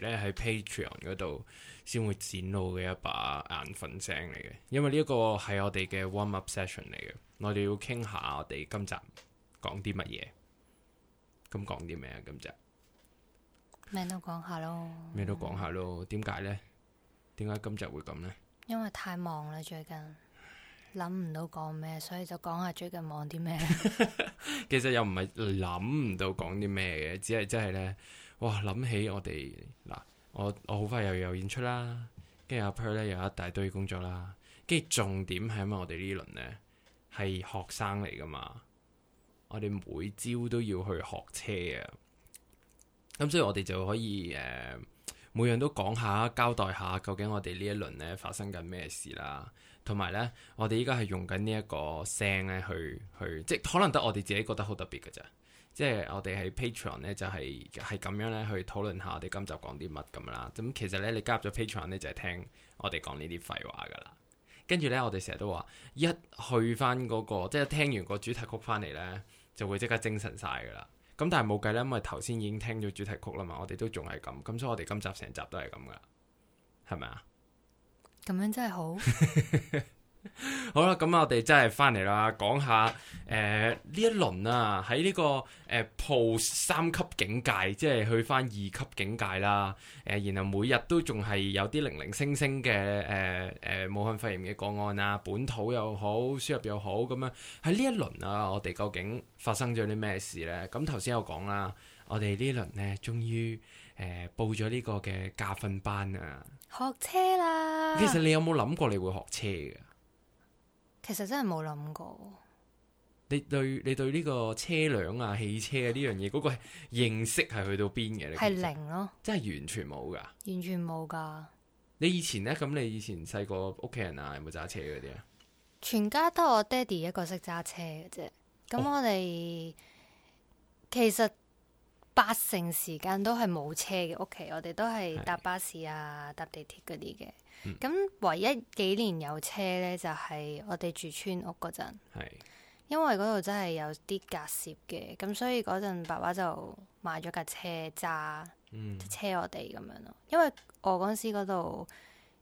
呢，喺 Patreon 嗰度先會展露嘅一把眼瞓聲嚟嘅，因為呢一個係我哋嘅 warm up session 嚟嘅，我哋要傾下我哋今集講啲乜嘢。咁講啲咩啊？今集？咁就咩都講下咯，咩都講下咯？點解呢？點解今集會咁呢？因為太忙啦，最近諗唔到講咩，所以就講下最近忙啲咩。 其實又唔係諗唔到講啲咩嘅，只係真係咧。哇！諗起我哋嗱，我我好快又有演出啦，跟住阿 Per 咧又有一大堆工作啦，跟住重點係因為我哋呢輪呢係學生嚟噶嘛，我哋每朝都要去學車啊。咁、嗯、所以我哋就可以誒、呃，每樣都講下，交代下究竟我哋呢一輪咧發生緊咩事啦。同埋呢，我哋依家係用緊呢一個聲咧去去，即係可能得我哋自己覺得好特別噶咋。即係我哋喺 Patreon 咧，就係係咁樣咧去討論下我哋今集講啲乜咁啦。咁其實咧，你加入咗 Patreon 咧就係聽我哋講呢啲廢話噶啦。跟住咧，我哋成日都話一去翻、那、嗰個，即係聽完個主題曲翻嚟，咧就會即刻精神晒噶啦。咁但係冇計啦，因為頭先已經聽咗主題曲啦嘛，我哋都仲係咁。咁所以我哋今集成集都係咁噶，係咪啊？咁樣真係好。 好啦，咁我哋真係翻嚟啦，講下誒呢、呃、一輪啊，喺呢、這個誒破、呃、三級警戒，即係去翻二級警戒啦。誒、呃，然後每日都仲係有啲零零星星嘅誒誒，武漢肺炎嘅個案啊，本土又好，輸入又好，咁樣喺呢一輪啊，我哋究竟發生咗啲咩事呢？咁頭先有講啦，我哋呢輪呢，終於誒報咗呢個嘅駕訓班啊，學車啦。其實你有冇諗過你會學車嘅？其實真係冇諗過。你對，你對呢個車輛啊、汽車啊呢樣嘢，嗰個認識係去到邊嘅？係零咯、啊，真係完全冇噶。完全冇噶。你以前呢？咁你以前細個屋企人啊，有冇揸車嗰啲啊？全家得我爹哋一個識揸車嘅啫。咁我哋、哦、其實八成時間都係冇車嘅屋企，我哋都係搭巴士啊、搭地鐵嗰啲嘅。咁、嗯、唯一幾年有車咧，就係我哋住村屋嗰陣，是因為嗰度真係有啲隔涉嘅，咁所以嗰陣爸爸就買咗架車揸、嗯、車我哋咁樣咯。因為我嗰時嗰度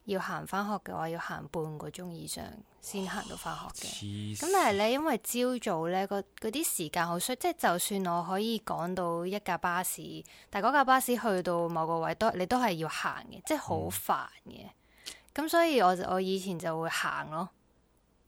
要行翻學嘅話，要行半個鐘以上先行到翻學嘅。咁、哦、但係咧，因為朝早咧，嗰啲時間好衰，即、就、係、是、就算我可以趕到一架巴士，但係嗰架巴士去到某個位都你都係要行嘅，即係好煩嘅。嗯咁所以我就我以前就會行咯，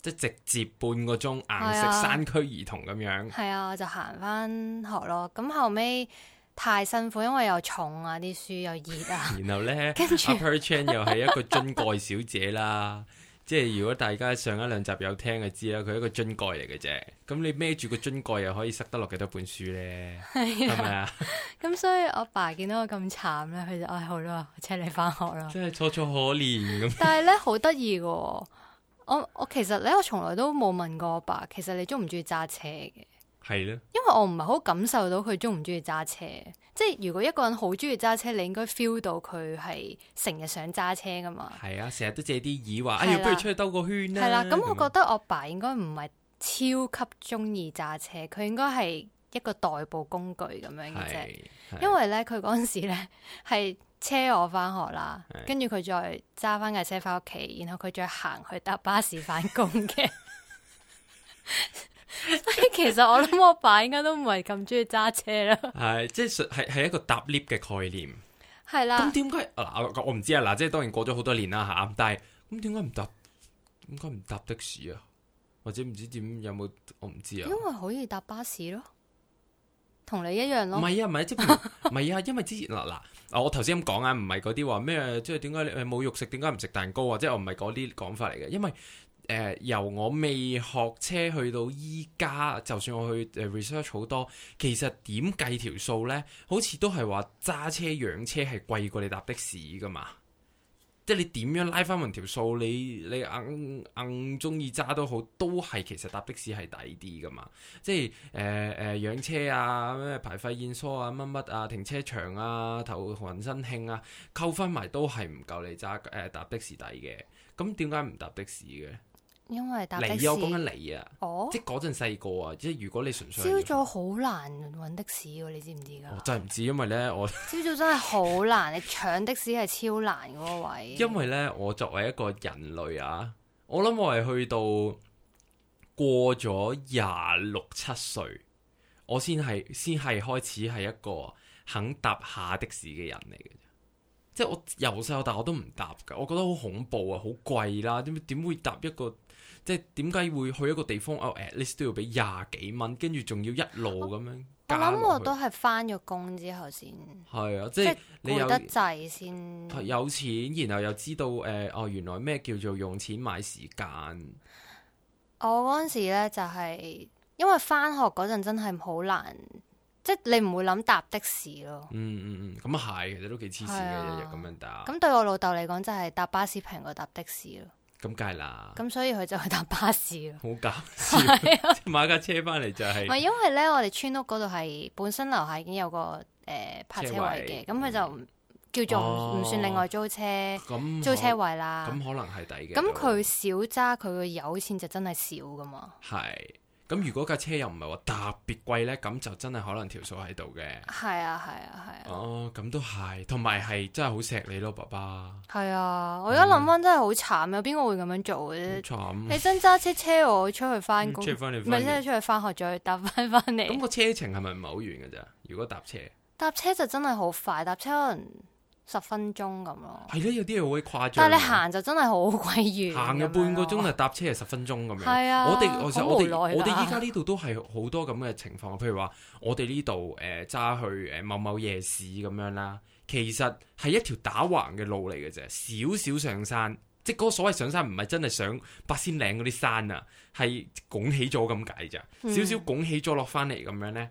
即係直接半個鐘硬食山區兒童咁樣，係啊，這樣 啊我就行返學咯。咁後尾太辛苦，因為又重啊，啲書又熱啊。 然後咧呢，跟住著 阿 Per 又係一個樽蓋小姐啦。 即係如果大家上一兩集有聽就知啦，佢一個樽蓋嚟嘅啫。咁你孭住個樽蓋又可以塞得落幾多本書咧？係咪啊？咁所以我爸見到我咁慘咧，佢就唉、哎、好啦，我車你翻學啦。真係楚楚可憐咁 但係咧好得意嘅，我我其實咧我從來都冇問過我爸，其實你中唔中意揸車嘅？係咯的。因為我唔係好感受到佢中唔中意揸車。即係如果一個人好中意揸車，你應該 feel 到佢係成日想揸車噶嘛？係 啊，成日都借啲耳話，哎不如出去兜個圈咧。係啦，咁、嗯、 我覺得我爸應該唔係超級中意揸車，佢應該係一個代步工具咁樣嘅啫。因為咧，佢嗰陣時咧係的車我翻學啦，跟住佢再揸翻架車翻屋企，然後佢再行去搭巴士翻工嘅。 其實我諗我爸應該都唔係咁中意揸車啦。係即係係係一個搭 lift 嘅概念。係啦。咁點解嗱我唔知啊嗱，即係當然過咗好多年啦吓，但係咁點解唔搭？點解唔搭的士啊？或者唔知點有冇？我唔知啊。因為可以搭巴士咯，同你一樣咯。唔係啊，唔係即唔係啊？因為之前嗱嗱， 我頭先咁講啊，唔係嗰啲話咩？即係點解你冇肉食？點解唔食蛋糕啊？即係我唔係嗰啲講法嚟嘅，因為。誒，由我未學車去到依家，就算我去 research 好多，其實點計條數呢？好似都係話揸車養車係貴過你搭的士噶嘛？即係你點樣拉翻埋條數，你你硬硬中意揸都好，都係其實搭的士係抵啲噶嘛？即係誒誒養車啊，咩牌費染疏啊，乜乜啊，停車場啊，頭暈身㷫啊，扣返埋都係唔夠你揸誒搭的士抵嘅。咁點解唔搭的士嘅？因為搭的士，我講緊你啊，即係嗰陣細個啊，哦、即係如果你純粹，朝早好難搵的士嘅，你知唔知噶？我真係唔知，因為咧我朝早真係好難， 你搶的士係超難嗰個位。因為咧，我作為一個人類啊，我諗我係去到過咗廿六七歲，我先係先係開始係一個肯搭下的士嘅人嚟嘅啫。即係我由細到大我都唔搭噶，我覺得好恐怖啊，好貴啦，點點會搭一個？即係點解會去一個地方、哦、at least 都要俾廿幾蚊，跟住仲要一路咁樣我。我諗我都係翻咗工之後先係啊，即係攰得滯先有錢，然後又知道誒、呃、哦，原來咩叫做用錢買時間。我嗰陣時咧就係、是、因為翻學嗰陣真係好難，即、就、係、是、你唔會諗搭的士咯。嗯嗯嗯，咁、嗯、係、嗯嗯、其實都幾黐線嘅，日日咁樣搭，咁對我老豆嚟講，就係、是、搭巴士平過搭的士咯。咁梗係啦，咁所以佢就去搭巴士咯，好搞笑，笑， 買架車翻嚟就係， 唔係因為咧，我哋村屋嗰度係本身樓下已經有個誒、呃、泊車位嘅，咁佢位就叫做唔、哦、算另外租車，嗯、租車位啦，咁、嗯嗯、可能係抵嘅，咁佢少揸佢個油錢就真係少噶嘛，係。咁如果架車又唔係話特別貴咧，咁就真係可能條數喺度嘅。係啊係啊係啊。啊啊哦，咁都係，同埋係真係好錫你咯，爸爸。係啊，我而家諗翻真係好慘啊！邊個、嗯、會咁樣做嘅啫？慘！你真揸車車我出去翻工，唔係車你出去翻學再搭翻翻嚟。咁個車程係咪唔係好遠噶咋？如果搭車？搭車就真係好快，搭車可能。十分鐘咁咯，係咯，有啲嘢好鬼誇張。但係你行就真係好鬼遠，行咗半個鐘，就搭車係十分鐘咁樣。係啊、哎呀，我哋們我哋我哋依家呢度都係好多咁嘅情況，譬如話我哋呢度誒揸去誒某某夜市咁樣啦，其實係一條打橫嘅路嚟嘅啫，少少上山，即係嗰所謂上山，唔係真係上八仙嶺嗰啲山啊，係拱起咗咁解咋，少少、嗯、拱起咗落翻嚟咁樣咧，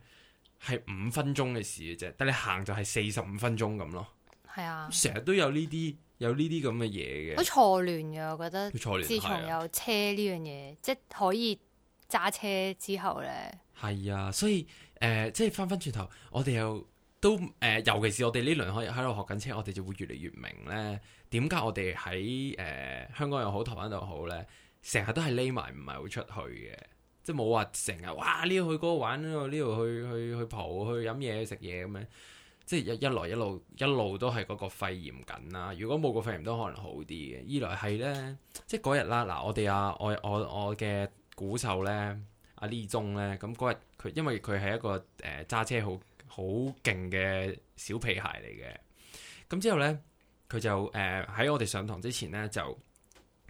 係五分鐘嘅事嘅啫，但係你行就係四十五分鐘咁咯。係啊，成日都有呢啲有呢啲咁嘅嘢嘅，好錯亂嘅。我覺得，錯亂，自從有車呢樣嘢，啊、即係可以揸車之後咧，係啊，所以誒、呃，即係翻翻轉頭，我哋又都誒、呃，尤其是我哋呢輪可以喺度學緊車，我哋就會越嚟越明咧，點解我哋喺誒香港又好，台灣又好咧，成日都係匿埋唔係好出去嘅，即係冇話成日哇呢度去嗰個玩，呢度去去去蒲，去飲嘢食嘢咁樣。即一來一路一路都係嗰個肺炎緊啦、啊，如果冇個肺炎都可能好啲嘅。二來係呢，即係嗰日啦，嗱，我哋啊，我我我嘅鼓手呢，阿、啊、李宗呢。咁嗰日佢因為佢係一個誒揸、呃、車好好勁嘅小皮鞋嚟嘅，咁之後呢，佢就誒喺、呃、我哋上堂之前呢，就。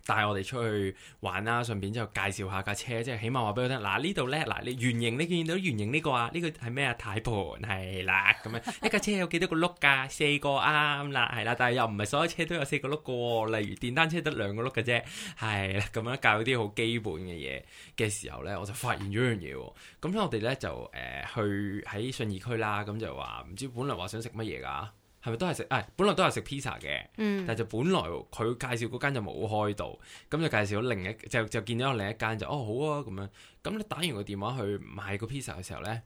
帶我哋出去玩啦，順便之後介紹下架車，即係起碼話俾佢聽。嗱，呢度呢，嗱、啊、你圓形，你見到圓形呢個啊？呢個係咩啊？呔盤係啦，咁樣 一架車有幾多個轆噶、啊？四個啱啦，係啦，但係又唔係所有車都有四個轆噶喎。例如電單車得兩個轆嘅啫，係啦，咁樣教嗰啲好基本嘅嘢嘅時候呢，我就發現咗樣嘢喎。咁所以我哋呢，就誒、呃、去喺信義區啦，咁就話唔知本來話想食乜嘢㗎？係咪都係食？誒、哎，本來都係食 pizza 嘅，嗯、但係就本來佢介紹嗰間就冇開到，咁就介紹咗另一就就見到另一間，就哦好啊咁樣。咁你打完個電話去買個 pizza 嘅時候咧，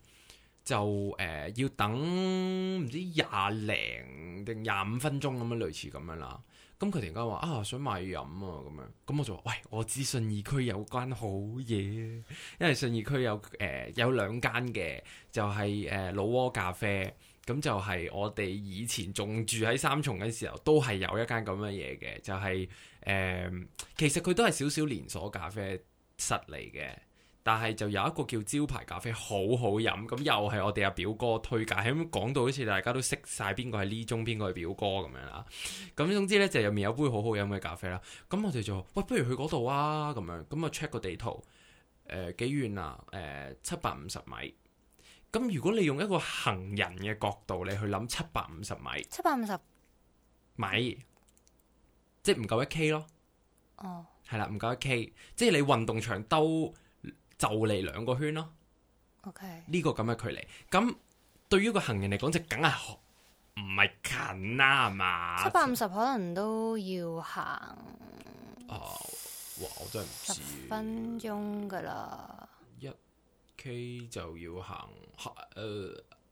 就誒、呃、要等唔知廿零定廿五分鐘咁樣類似咁樣啦。咁佢突然間話啊想買飲啊咁樣，咁我就話喂，我知信義區有間好嘢，因為信義區有誒、呃、有兩間嘅，就係、是、誒、呃、老窩咖啡。咁就係我哋以前仲住喺三重嘅時候，都係有一間咁嘅嘢嘅，就係、是、誒、呃，其實佢都係少少連鎖咖啡室嚟嘅，但係就有一個叫招牌咖啡好好飲。咁又係我哋阿表哥推介，咁講到好似大家都識晒邊個係呢種邊個係表哥咁樣啦。咁總之呢，就入、是、面有杯好好飲嘅咖啡啦。咁我哋就話喂，不如去嗰度啊？咁樣咁啊，check 個地圖，誒、呃、幾遠啊？誒、七百五十米。咁如果你用一個行人嘅角度，你去諗七百五十米，七百五十米，即係唔夠一 K 咯。哦、oh.，係啦，唔夠一 K，即係你運動場兜就嚟兩個圈咯。OK，呢個咁嘅距離，咁對於個行人嚟講，就梗係唔係近啦，係嘛？七百五十可能都要行。哦，哇！我真係唔知十分鐘噶啦。K、okay，就要行，誒、啊，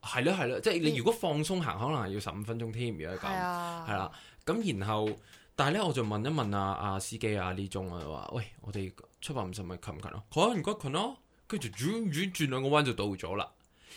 係咯係咯，即係你如果放鬆行，可能係要十五分鐘添，如果咁係啦。咁的然後，但係咧，我就問一問阿、啊、阿司機啊，呢鐘啊，話喂，我哋七百五十米近唔近咯？佢話唔夠近咯，跟住轉轉轉，轉兩個彎就到咗啦。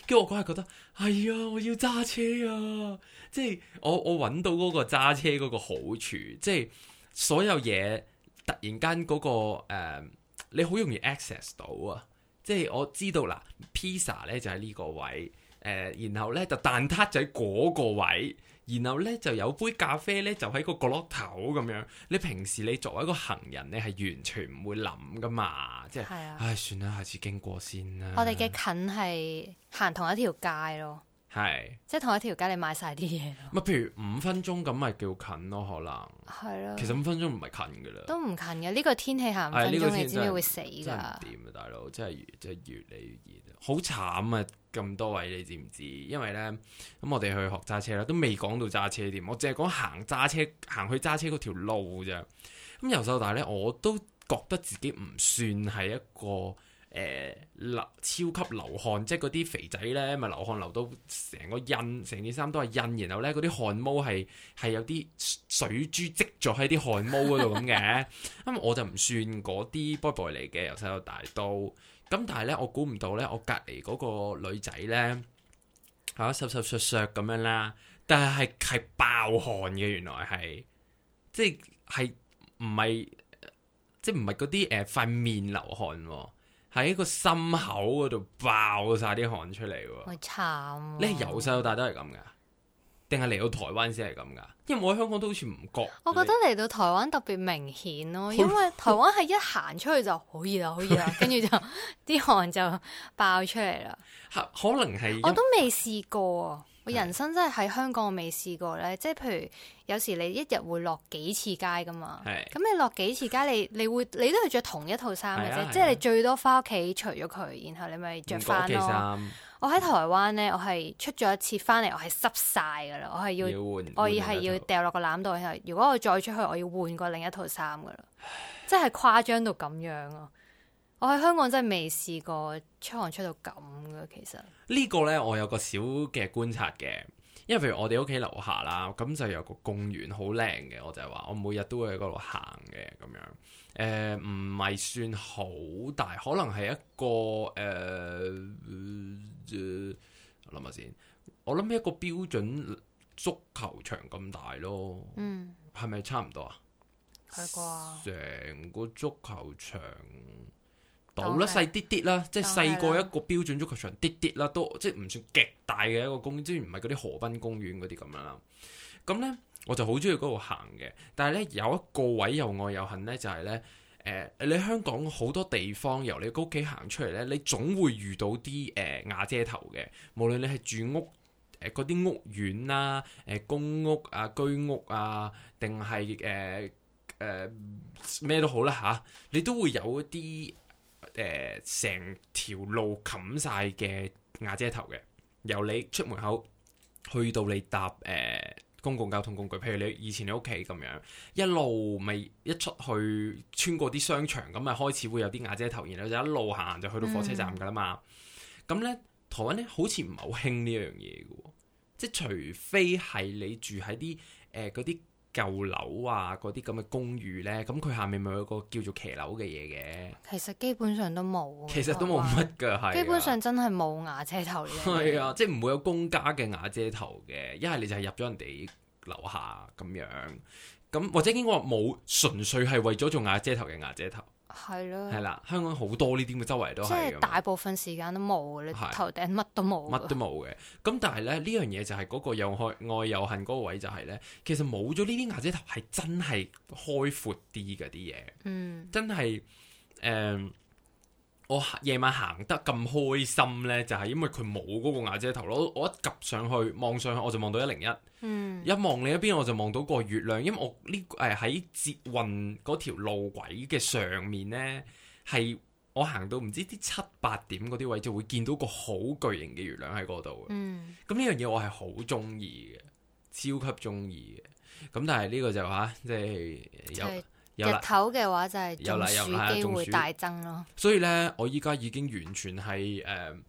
跟住我嗰日覺得係啊、哎，我要揸車啊，即係我我搵到嗰個揸車嗰個好處，即係所有嘢突然間嗰、那個誒、呃，你好容易 access 到啊！即係我知道啦，披薩咧就喺呢個位，誒、呃，然後咧就蛋撻就喺嗰個位，然後咧就有杯咖啡咧就喺個角落頭咁樣。你平時你作為一個行人呢，你係完全唔會諗㗎嘛，即係，啊、唉，算啦，下次經過先啦。我哋嘅近係行同一條街咯。係，對即係同一條街，你買晒啲嘢。咯。咪，譬如五分鐘咁，咪叫近咯，可能。係咯了。其實五分鐘唔係近噶啦。都唔近嘅，呢、呢個天氣行五分鐘，呢個天氣、你知唔知會死噶？真係點啊，大佬！真係真係越嚟越熱，好慘啊！咁多位你知唔知？因為咧，咁我哋去學揸車啦，都未講到揸車點，我淨係講行揸車，行去揸車嗰條路啫。咁由細到大咧，我都覺得自己唔算係一個。誒流、欸、超級流汗，即係嗰啲肥仔咧，咪流汗流到成個印，成件衫都係印。然後咧，嗰啲汗毛係係有啲水珠積咗喺啲汗毛嗰度咁嘅。咁、 嗯、我就唔算嗰啲 boy boy 嚟嘅，由細到大都。咁、嗯、但係咧，我估唔到咧，我隔離嗰個女仔咧嚇，啊，瘦瘦削削咁樣啦，但係係係爆汗嘅，原來係即係係唔係即係唔係嗰啲誒塊面流汗。喺個心口嗰度爆晒啲汗出嚟喎，慘！你係由細到大都係咁噶？定係嚟到台灣先係咁噶？因為我喺香港都好似唔覺，我覺得嚟到台灣特別明顯咯，因為台灣係一行出去就好熱啊，好熱啊，跟住 就啲汗就爆出嚟啦。可 可能係我都未試過。人生真係喺香港，我未試過咧。即係譬如有時你一日會落幾次街噶嘛？咁是的 你落幾次街你，你會你會你都係著同一套衫嘅啫。即係你最多翻屋企除咗佢，然後你咪着翻咯。我喺台灣咧，我係出咗一次翻嚟，我係濕晒噶啦。我係要，要我係要掉落個籃度。然後如果我再出去，我要換過另一套衫噶啦，唉即係誇張到咁樣啊！我喺香港真係未試過出汗出到咁嘅。其實呢個呢，我有個小嘅觀察嘅，因為譬如我哋屋企樓下啦，咁就有個公園，好靚嘅。我就係話，我每日都會喺嗰度行嘅，咁樣誒，唔、呃、係算好大，可能係一個誒，諗下先，我諗一，一個標準足球場咁大咯，嗯，係咪差唔多啊？係啩？成個足球場。好 Okay. 點點啦，細啲啲啦，即係細過一個標準足球場啲啲、嗯、啦，都即係唔算極大嘅一個公園，即係唔係嗰啲河濱公園嗰啲咁樣啦。咁呢，我就好中意嗰度行嘅。但係呢，有一個位又愛又恨呢，就係、是、呢。誒、呃，你香港好多地方由你屋企行出嚟呢，你總會遇到啲誒、呃、瓦遮頭嘅，無論你係住屋誒嗰啲屋苑啦、啊、誒、呃、公屋啊、居屋啊，定係誒誒咩都好啦嚇、啊，你都會有一啲。誒成、呃、條路冚晒嘅瓦遮頭嘅，由你出門口去到你搭誒、呃、公共交通工具，譬如你以前你屋企咁樣，一路咪一出去穿過啲商場，咁咪開始會有啲瓦遮頭，然後就一路行就去到火車站㗎啦嘛。咁、嗯、呢，台灣呢好似唔係好興呢樣嘢嘅，即係除非係你住喺啲誒嗰啲。呃舊樓啊，嗰啲咁嘅公寓咧，咁、嗯、佢下面咪有個叫做騎樓嘅嘢嘅。其實基本上都冇、啊，其實都冇乜噶，係、啊、基本上真係冇瓦遮頭嘅，係啊，即係唔會有公家嘅瓦遮頭嘅，一係你就係入咗人哋樓下咁樣，咁或者應該話冇，純粹係為咗做瓦遮頭嘅瓦遮頭。係咯，係啦，香港好多呢啲嘅周圍都係，即係大部分時間都冇，你頭頂乜都冇，乜都冇嘅。咁但係咧，呢樣嘢就係嗰個又愛愛又恨嗰個位就係咧，其實冇咗呢啲牙仔頭係真係開闊啲嘅啲嘢，嗯真，真係誒。我夜晚行得咁開心呢，就係、是、因為佢冇嗰個瓦遮頭咯。我一及上去望上去，我就望到一零一。嗯。一望另一邊，我就望到個月亮，因為我呢誒喺捷運嗰條路軌嘅上面呢，係我行到唔知啲七八點嗰啲位，就會見到個好巨型嘅月亮喺嗰度嘅。嗯。咁呢樣嘢我係好中意嘅，超級中意嘅。咁但係呢個就話、是，即、啊、係、就是、有。就是日頭嘅話就係中暑機會大增咯，啊、所以咧我依家已經完全係誒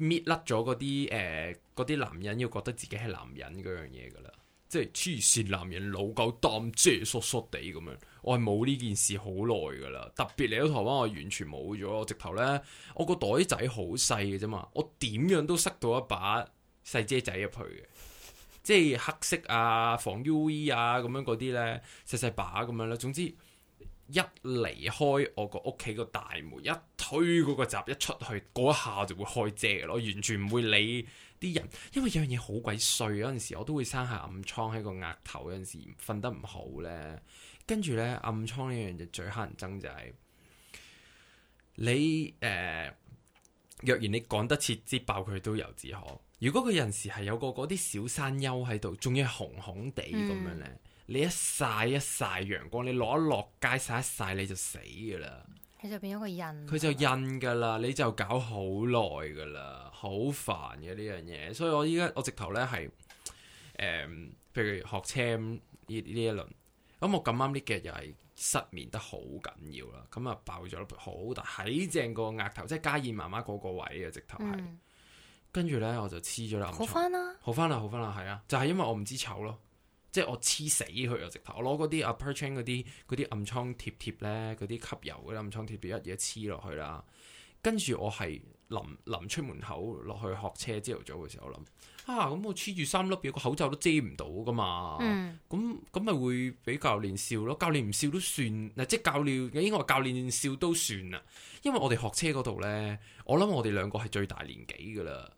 搣甩咗嗰啲誒啲男人要覺得自己係男人嗰樣嘢噶啦，即係黐線男人老狗擔遮，縮縮地咁樣，我係冇呢件事好耐噶啦，特別嚟到台灣我完全冇咗，我直頭咧我個袋仔好細嘅啫嘛，我點樣都塞到一把細遮仔入去嘅。即係黑色啊，防 UV 啊，咁樣嗰啲呢，細細把咁樣啦。總之一離開我個屋企個大門，一推嗰個閘一出去，嗰一下就會開遮咯，完全唔會理啲人。因為有樣嘢好鬼碎，嗰陣時我都會生下暗瘡喺個額頭嗰陣時，瞓得唔好呢。跟住呢，暗瘡呢樣嘢最乞人憎就係、是、你誒、呃，若然你講得切之爆佢都猶自可。如果佢有陣時係有個嗰啲小山丘喺度，仲要紅紅地咁樣咧，你一曬一曬陽光，你落一落街，曬一曬，你就死噶啦，佢就變咗個印，佢就印噶啦，吧你就搞好耐噶啦，好煩嘅呢樣嘢。所以我依家我直頭咧係誒，譬如學車呢呢一輪，咁我咁啱呢幾日又係失眠得好緊要啦，咁啊爆咗好大喺正個額頭，即係家燕媽媽嗰個位啊，直頭係。嗯跟住咧，我就黐咗啦。好翻啦，好翻啦，好翻啦，係啊，就係因為我唔知醜咯，即係我黐死佢啊！直頭，我攞嗰啲 upper chain 嗰啲啲暗瘡貼貼咧，嗰啲吸油嘅暗瘡貼貼一嘢黐落去啦。跟住我係臨臨出門口落去學車朝頭早嘅時候我諗，啊咁我黐住三粒，表，個口罩都遮唔到噶嘛。嗯，咁咁咪會俾教練笑咯？教練唔笑都算，即係教練應該話教練笑都算啊，因為我哋學車嗰度咧，我諗我哋兩個係最大年紀噶啦。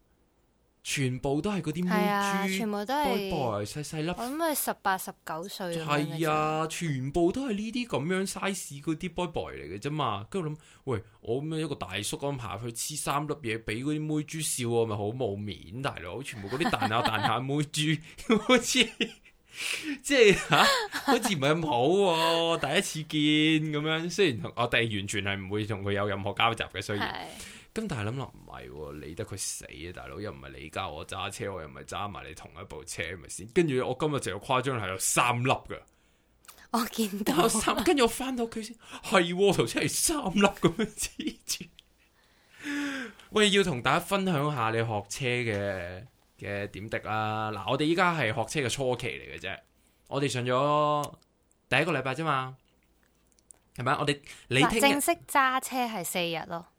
全部都係嗰啲妹豬，全部都係 boy boy 細細粒。我諗佢十八十九歲咁樣。係啊，全部都係呢啲咁樣 size 嗰啲 boy boy 嚟嘅啫嘛。跟住諗，喂，我咁樣一個大叔咁爬去黐三粒嘢，俾嗰啲妹豬笑，我咪好冇面大佬。全部嗰啲彈下彈下彈下妹豬，好似 即係吓、啊，好似唔係咁好、啊。 第一次見咁樣，雖然我哋完全係唔會同佢有任何交集嘅，雖然……」 咁但係諗落唔係，理得佢死啊！大佬又唔係你教我揸車，我又唔係揸埋你同一部車，咪先。跟住我今日就有誇張，係有三粒嘅。我見到三。 跟住我翻到屋企先，係頭先係三粒咁樣黐住。 喂，要同大家分享下你學車嘅嘅點滴啦。嗱，我哋依家係學車嘅初期嚟嘅啫，我哋上咗第一個禮拜啫嘛，係咪？我哋你聽日正式揸車係四日咯。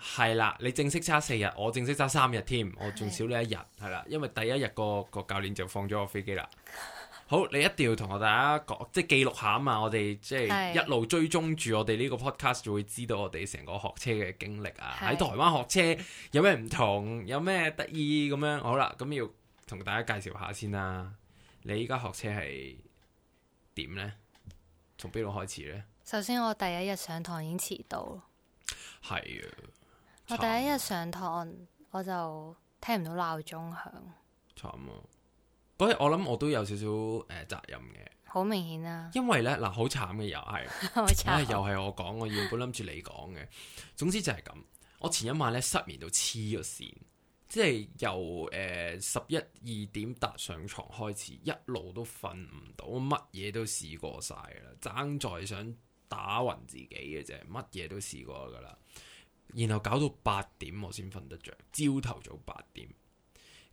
係啦，你正式揸四日，我正式揸三日添，我仲少你一日，係啦是的，因為第一日個個教練就放咗我飛機啦。 好，你一定要同我大家講，即係記錄下啊嘛，我哋即係一路追蹤住我哋呢個 podcast，就會知道我哋成個學車嘅經歷啊。喺是的 台灣學車有咩唔同，有咩得意咁樣？好啦，咁要同大家介紹下先啦。你依家學車係點呢？從邊度開始呢？首先，我第一日上堂已經遲到。係啊。我第一日上堂，我就聽唔到鬧鐘響，慘啊！嗰日我諗我都有少少誒責任嘅，好明顯啊！因為咧嗱，好慘嘅又係，唉、哎 慘哎，又係我講，我原本諗住你講嘅。總之就係咁，我前一晚咧失眠到黐咗線，即係由誒十一二點搭上床開始，一路都瞓唔到，乜嘢都試過晒啦，爭在想打暈自己嘅啫，乜嘢都試過噶啦。然後搞到八點我先瞓得着。朝頭早八點。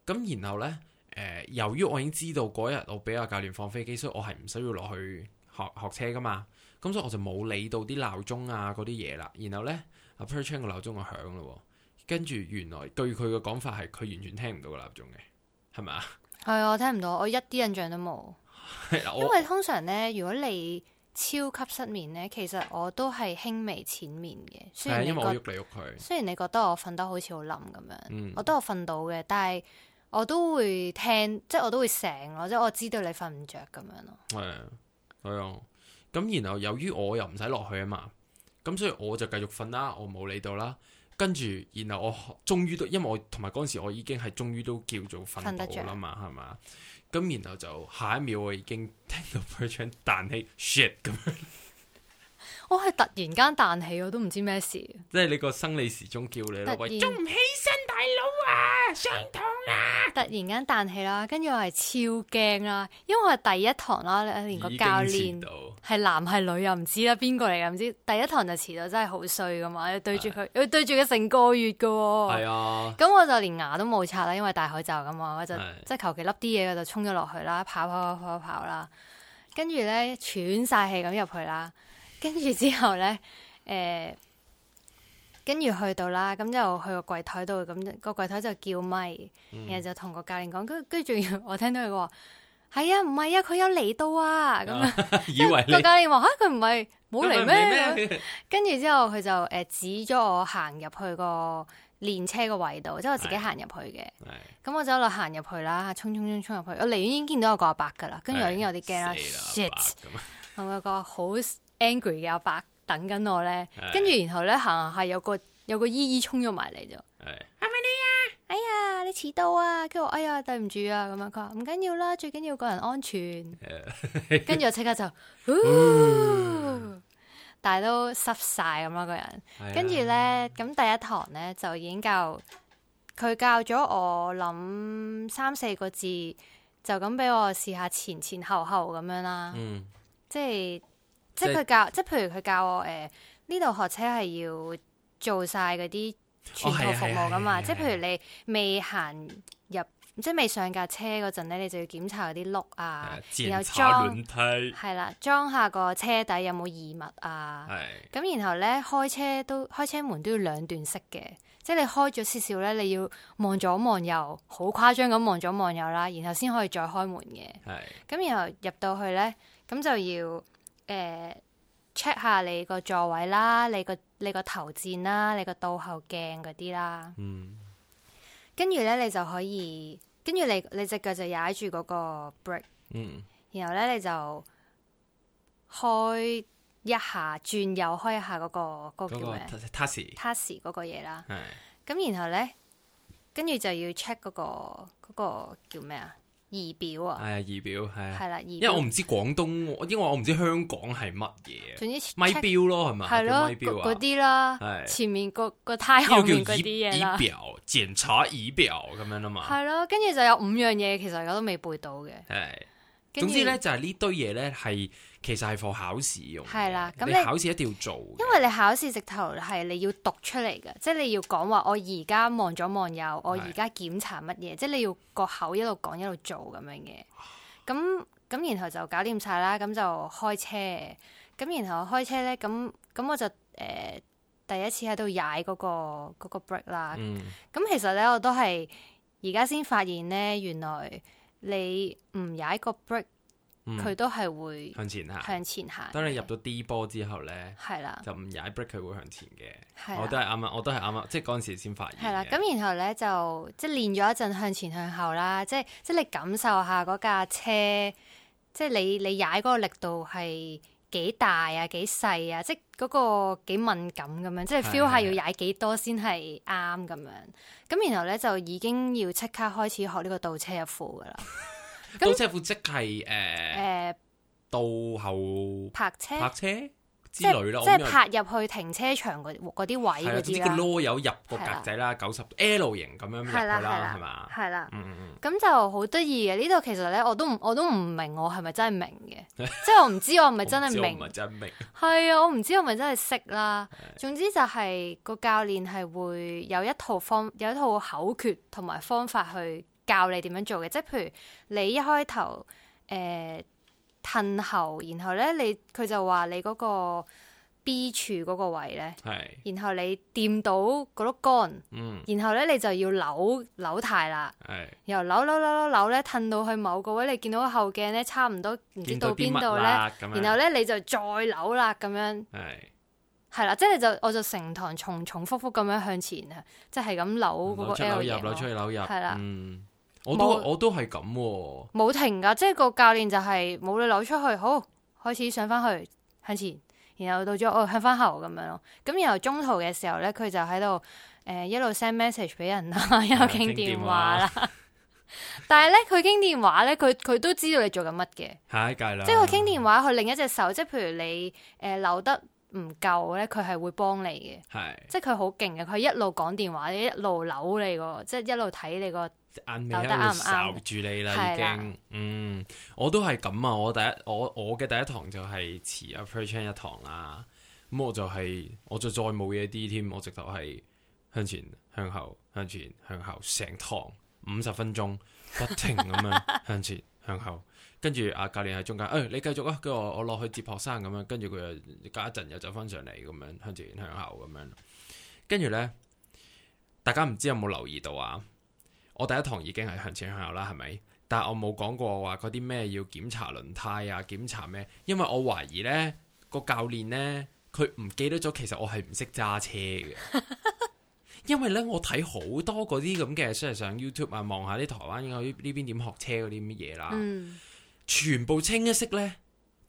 咁然後呢，誒、呃，由於我已經知道嗰日我俾阿教練放飛機，所以我係唔需要落去學學車噶嘛。咁所以我就冇理到啲鬧鐘啊嗰啲嘢啦。然後呢，阿 Pertrain 個鬧鐘就響咯，跟住原來對佢嘅講法係佢完全聽唔到個鬧鐘嘅，係咪啊？係啊，我聽唔到，我一啲印象都冇。 因為通常呢，如果你超級失眠咧，其實我都係輕微淺眠嘅。雖然你覺得，因為我喐嚟喐去雖然你覺得我瞓得好似好冧咁樣，嗯、我都有瞓到嘅。但係我都會聽，即係我都會醒，即係我知道你瞓唔着咁樣咯。係啊，係啊。咁然後由於我又唔使落去啊嘛，咁所以我就繼續瞓啦，我冇理到啦。跟住然後我終於都，因為我同埋嗰陣時我已經係終於都叫做瞓到啦嘛，係嘛？咁然後就下一秒我已經聽到佢唱彈起 shit 咁樣。 我係突然間彈起，我都唔知咩事。即係你個生理時鐘叫你咯，喂，仲唔然起身，大佬啊，上堂啊！突然間彈起啦，跟住我係超驚啦，因為我係第一堂啦，連個教練係男係女又、啊、唔知啦，邊個嚟嘅，唔知。第一堂就遲到，真係好衰噶嘛！又的對住佢，又對住佢成個月噶、哦。係啊的。咁我就連牙都冇刷啦，因為戴口罩噶嘛，我就即係求其笠啲嘢，我的就衝咗落去啦，跑跑跑跑跑啦，跟住咧喘晒氣咁入去啦。跟住之後咧，誒，跟住去到啦，咁就去個櫃台度，咁個櫃台就叫咪。然後就同個教練講，跟跟住仲要我聽到佢話，係啊，唔係啊，佢有嚟到啊，咁啊，以為個教練話吓佢唔係冇嚟咩？跟住之後佢就誒指咗我行入去個練車個位度，即係我自己行入去嘅，咁我就走落行入去啦，衝衝衝衝入去，我離遠已經見到有個阿伯噶啦，跟住我已經有啲驚啦，shit，我有個好 angry 嘅阿伯，伯等緊我咧，跟住的然後咧行下，有個有個姨姨衝咗埋嚟就係係咪你啊？的哎呀，你遲到啊！跟住我哎呀，對唔住啊！咁樣，佢話唔緊要啦，最緊要個人安全。跟住 我即刻就，嗯、但係都濕晒咁樣，個人跟住咧，咁第一堂咧就已經教佢教咗我諗三四個字，就咁俾我試下前前後後咁樣啦。嗯、即係。即係佢教，即係譬如佢教我誒呢度學車係要做晒嗰啲全套服務噶嘛。即係譬如你未行入，即係未上架車嗰陣咧，你就要檢查嗰啲轆啊，啊然後裝，係啦，裝下個車底有冇異物啊。係咁是，然後咧開車都開車門都要兩段式嘅，即係你開咗少少咧，你要望左望右，好誇張咁望左望右啦，然後先可以再開門嘅。係咁是，然後入到去咧，咁就要。誒，check 下你個座位啦，你個你個頭枕啦，你個倒後鏡嗰啲啦。嗯。跟住咧，你就可以，跟住你你隻腳就踩住嗰個 brake。然後咧，你就開一下轉右，開一下嗰個嗰個叫咩？Tas。嗰個嘢啦。咁然後咧，跟住就要 check 嗰個嗰個叫咩啊？儀表啊，係啊，儀表係啊，係啦，因為我唔知廣東，因為我唔知香港係乜嘢，總之咪錶咯係咪？係咯，嗰啲啦，前面嗰個胎後面嗰啲嘢啦，儀表檢查儀表咁樣啊嘛，係咯，跟住就有五樣嘢，其實我都未背到嘅，係，總之咧就係呢堆嘢咧係。其實係俾考試用係啦，咁你考試一定要做。因為你考試直頭係你要讀出嚟嘅，即係你要講話我而家望咗望右，我而家檢查乜嘢，即係你要個口一路講一路做咁樣嘅。咁咁然後就搞掂晒啦，咁就開車。咁然後開車咧，咁咁我就誒、呃、第一次喺度踩嗰個、嗰個 brake 啦。咁、嗯、其實咧，我都係而家先發現咧，原來你唔踩個 brake 佢都係會向前行，向前行。當你入到 D 波之後咧，係啦，就唔踩 break，佢會向前嘅。我都係啱啊，我都係啱啊，即係嗰陣時先發現。係啦，咁然後咧就即係練咗一陣向前向後啦，即係即係你感受下嗰架車，即係你你踩嗰個力度係幾大啊，幾細啊，即係嗰個幾敏感咁樣，的的即係 feel 下要踩幾多先係啱咁樣。咁然後咧就已經要即刻開始學呢個倒車入庫噶啦。 倒車庫，即係誒誒，倒後泊車泊車之類咯，即係泊入去停車場嗰啲位嗰啲啦，咁個囉柚入個格仔啦，九十 L 型咁樣入去啦，係嘛？係啦，嗯嗯嗯，咁就好得意嘅呢度，其實咧我都唔我都唔明，我係咪真係明嘅？即係我唔知我係咪真係明？係啊，我唔知我係咪真係識啦。總之就係個教練係會有一套方有一套口訣同埋方法去。教你點樣做嘅，即係譬如你一開頭誒褪後，然後咧你佢就話你嗰個 B 柱嗰個位咧，係，然後你掂到嗰碌杆，然後咧你就要扭扭軚啦，係，然後扭扭扭扭扭咧褪到去某個位，你見到個後鏡咧差唔多唔知到邊度咧，然後咧你就再扭啦咁樣，係，係啦，即係就我就成堂重重複复咁樣向前啊，即係咁扭嗰個 L 型咯，係啦，我都沒我都係咁冇停噶即係個教練就係冇你扭出去，好開始上翻去向前，然後到咗哦，向翻後咁樣咯。咁然後中途嘅時候咧，佢就喺度誒一路 send message 俾人啦，一路傾電話啦。但係咧，佢傾電話咧，佢佢 都知道你做緊乜嘅， 即係佢傾電話，佢另一隻手，即係譬如你誒扭得唔夠咧，佢係會幫你嘅，是即係佢好勁嘅，佢一路講電話，一路扭你個，即係一路睇你個。眼尾喺度、嗯、守住你啦，已經的，嗯，我都係咁啊！我第一，我我嘅第一堂就係持 approach 一堂啦，咁、嗯、我就係、是，我就再冇嘢啲添，我直頭係向前、向後、向前、向、哎、後，成堂五十分鐘不停咁樣向前向後，跟住啊教練喺中間，誒你繼續啊，跟住我我落去接學生咁樣，跟住佢又隔一陣又走翻上嚟咁樣向前向後咁樣，跟住咧，大家唔知有冇留意到啊？我第一堂已經係向前向後啦，係咪？但係我冇講過話嗰啲咩要檢查輪胎啊，檢查咩？因為我懷疑呢、呢個教練呢，佢唔記得咗，其實我係唔識揸車嘅。 因為呢，我睇好多嗰啲咁嘅，即係上 YouTube 啊，望下啲台灣啊呢呢邊點學車嗰啲乜嘢啦，嗯、全部清一色呢，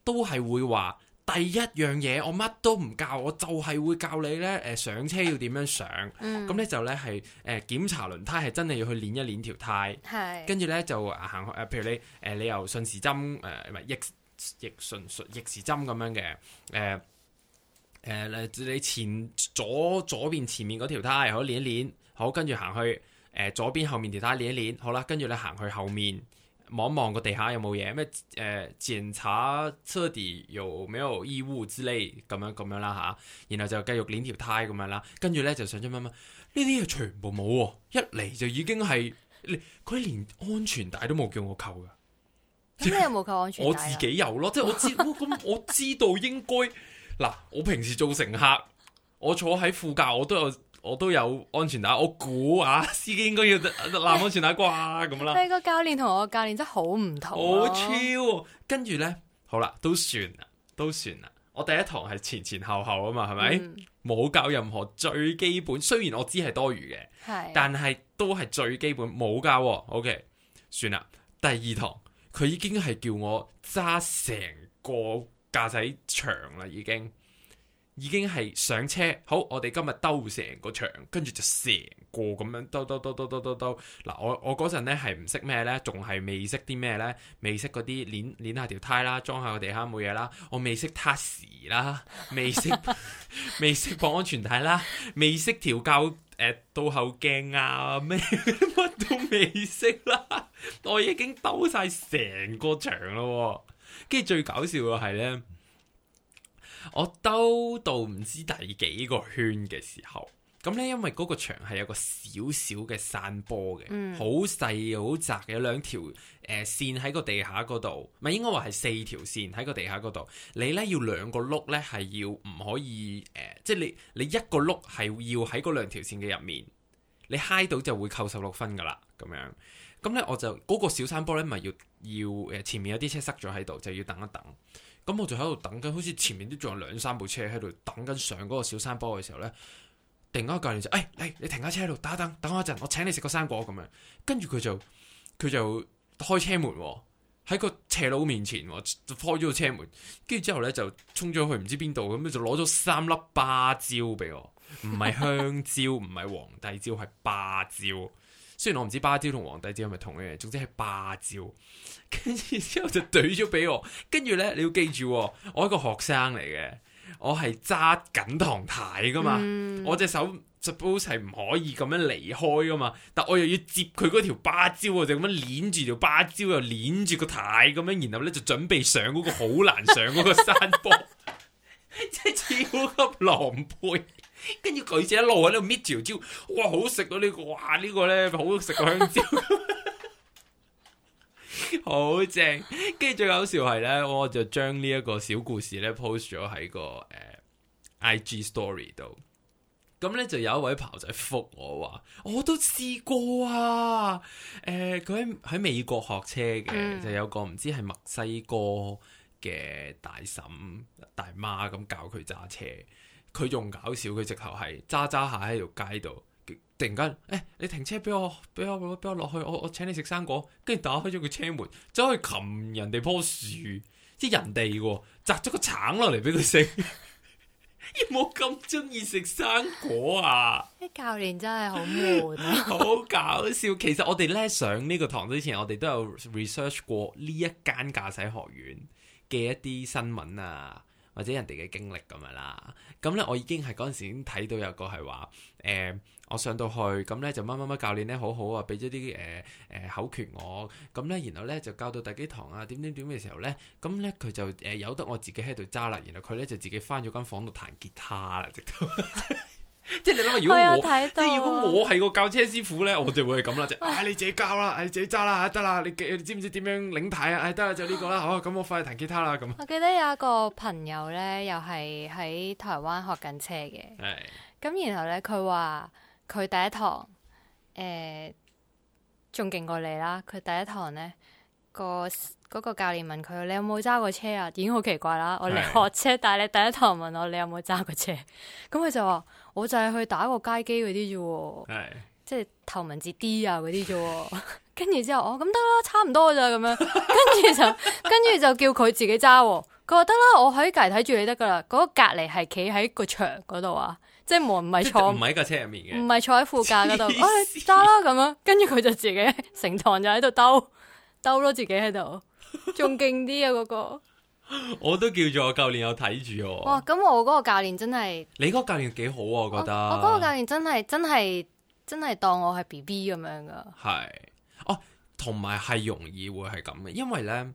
都係會話。第一樣嘢，我乜都唔教，我就係會教你呢。誒、呃、上車要點樣上？咁呢就咧係誒檢查輪胎係真係要去練一練條胎。係是。跟住呢，就行去譬如你誒你由順時針誒、呃、唔係逆逆順順逆，逆，逆，逆時針咁樣嘅誒誒，你前左左邊前面嗰條胎好練一練，好跟住行去誒、呃、左邊後面條胎練一練，好啦，跟住你行去後面。望望個地下有冇嘢咩？誒，檢、呃、查車底有沒有異物之類咁樣咁樣啦吓、啊，然後就繼續鏈條胎咁樣啦，跟住咧就上咗乜乜，呢啲嘢全部冇，一嚟就已經係佢連安全帶都冇叫我扣噶。咁你、嗯、有冇扣安全帶、啊、我自己有咯，即係我知，咁 我知道應該嗱，我平時做乘客，我坐喺副駕我都有。我都有安全帶，我估啊，司機應該要攬 安全帶啩咁啦。你 個教練同我個教練真係好唔同。好超，跟住呢，好啦，都算啦，都算啦。我第一堂係前前後後啊嘛，係咪？冇、嗯、教任何最基本，雖然我知係多餘嘅，係是，但係都係最基本冇教、哦。O、OK, K，算啦。第二堂佢已經係叫我揸成個駕駛場啦，已經。已經係上車，好，我哋今日兜成個場，跟住就成個咁樣兜兜兜兜兜兜兜兜。嗱，我我嗰陣咧係唔識咩咧，仲係未識啲咩咧，未識嗰啲捻捻下條胎啦，裝下個地下冇嘢啦，我未識撻匙啦，未識 未識放安全帶啦，未識調校誒倒後鏡啊咩，乜都未識啦，我已經兜晒成個場咯喎，跟住最搞笑嘅係咧。我兜到唔知第幾個圈嘅時候，咁呢，因為嗰個場係有個小小嘅山坡嘅，好、嗯、細好窄嘅兩條誒、呃、線喺個地下嗰度，咪係應該話係四條線喺個地下嗰度，你呢要兩個碌呢，係要唔可以誒、呃，即係你你一個碌係要喺嗰兩條線嘅入面，你揩到就會扣十六分噶啦，咁樣，咁呢，我就嗰、那個小山坡呢，咪、就是、要要誒前面有啲車塞咗喺度，就要等一等。咁我就喺度等緊，好似前面都仲有兩三部車喺度等緊上嗰個小山坡嘅時候呢，突然間教練就，哎，你、哎、你停架車喺度，等一等，等我一陣，我請你食個生果咁樣。跟住佢就佢就開車門喺個斜佬面前就開咗個車門，跟住之後呢，就沖咗去唔知邊度，咁就攞咗三粒芭蕉俾我，唔係香蕉，唔係皇帝蕉，係芭蕉。雖然我唔知芭蕉同皇帝蕉係咪同一樣，總之係芭蕉，跟住之後就懟咗俾我。跟住咧，你要記住、哦，我一個學生嚟嘅，我係揸緊唐太噶嘛，嗯、我隻手 suppose 係唔可以咁樣離開噶嘛。但我又要接佢嗰條芭蕉，就咁樣捻住條芭蕉，又捻住個太咁樣，然後咧就準備上嗰個好難上嗰個山坡，即係 超級狼狽。跟住佢就一路喺度搣條蕉，哇，好食呢啲，哇，這個、呢個咧好食個、啊、香蕉， 好正。跟住最搞笑係咧，我就將呢一個小故事咧 post 咗喺個誒、呃、IG story 度。咁咧就有一位跑仔覆我話，我都試過啊。誒、呃，佢喺喺美國學車嘅，嗯、就有個唔知係墨西哥嘅大嬸大媽咁教佢揸車。佢仲搞笑，佢直頭係揸揸下喺條街度，突然間，誒、欸，你停車俾我，俾我，俾我落去，我我請你食生果，跟住打開咗個車門，走去擒人哋棵樹，即係人哋、啊、摘咗個橙落嚟俾佢食，有冇咁中意食生果啊！啲 教練真係好悶、啊， 好搞笑。其實我哋咧上呢個堂之前，我哋都有 research 過呢一間駕駛學院嘅一啲新聞啊。或者人哋嘅經歷咁樣啦，咁呢，我已經係嗰陣時已經睇到有個係話，誒、呃、我上到去，咁呢就乜乜乜教練呢，好好啊，俾咗啲誒誒口訣我，咁呢，然後呢就教到第幾堂啊點點點嘅時候呢，咁呢，佢就誒、呃、由得我自己喺度揸啦，然後佢呢，就自己翻咗間房度彈吉他啦，直到。 即係你諗下，如果我即係如果我係個教車師傅咧， 我就會係咁啦，就唉、是哎、你自己教啦，你自己揸啦，得啦，你你知唔知點樣領牌啊？唉，得啦就呢個啦，好咁、 哦、我快去彈吉他啦咁。我記得有一個朋友咧，又係喺台灣學緊車嘅，係咁 然後咧佢話佢第一堂誒仲勁過你啦，佢第一堂咧。個嗰個教練問佢：你有冇揸過車啊？已經好奇怪啦！我嚟學車，但係你第一堂問我你有冇揸過車，咁、嗯、佢就話：我就係去打個街機嗰啲啫， 即係頭文字 D 啊嗰啲啫。跟住之後哦，咁得啦，差唔多咋咁、那個哎、樣。跟住就跟住就叫佢自己揸。佢話得啦，我喺隔籬睇住你得噶啦。嗰個隔籬係企喺個牆嗰度啊，即係唔係坐唔係喺架車入面嘅，唔係坐喺副駕嗰度。誒揸啦咁樣。跟住佢就自己成堂就喺度兜。兜咯，自己喺度，仲勁啲啊！嗰、那個 我都叫咗，教練有睇住我。咁我嗰個教練真係 你嗰個教練幾好啊？我覺得我嗰個教練真係真係真係當我係 B B 咁樣噶。係哦，同埋係容易會係咁嘅，因為咧，誒、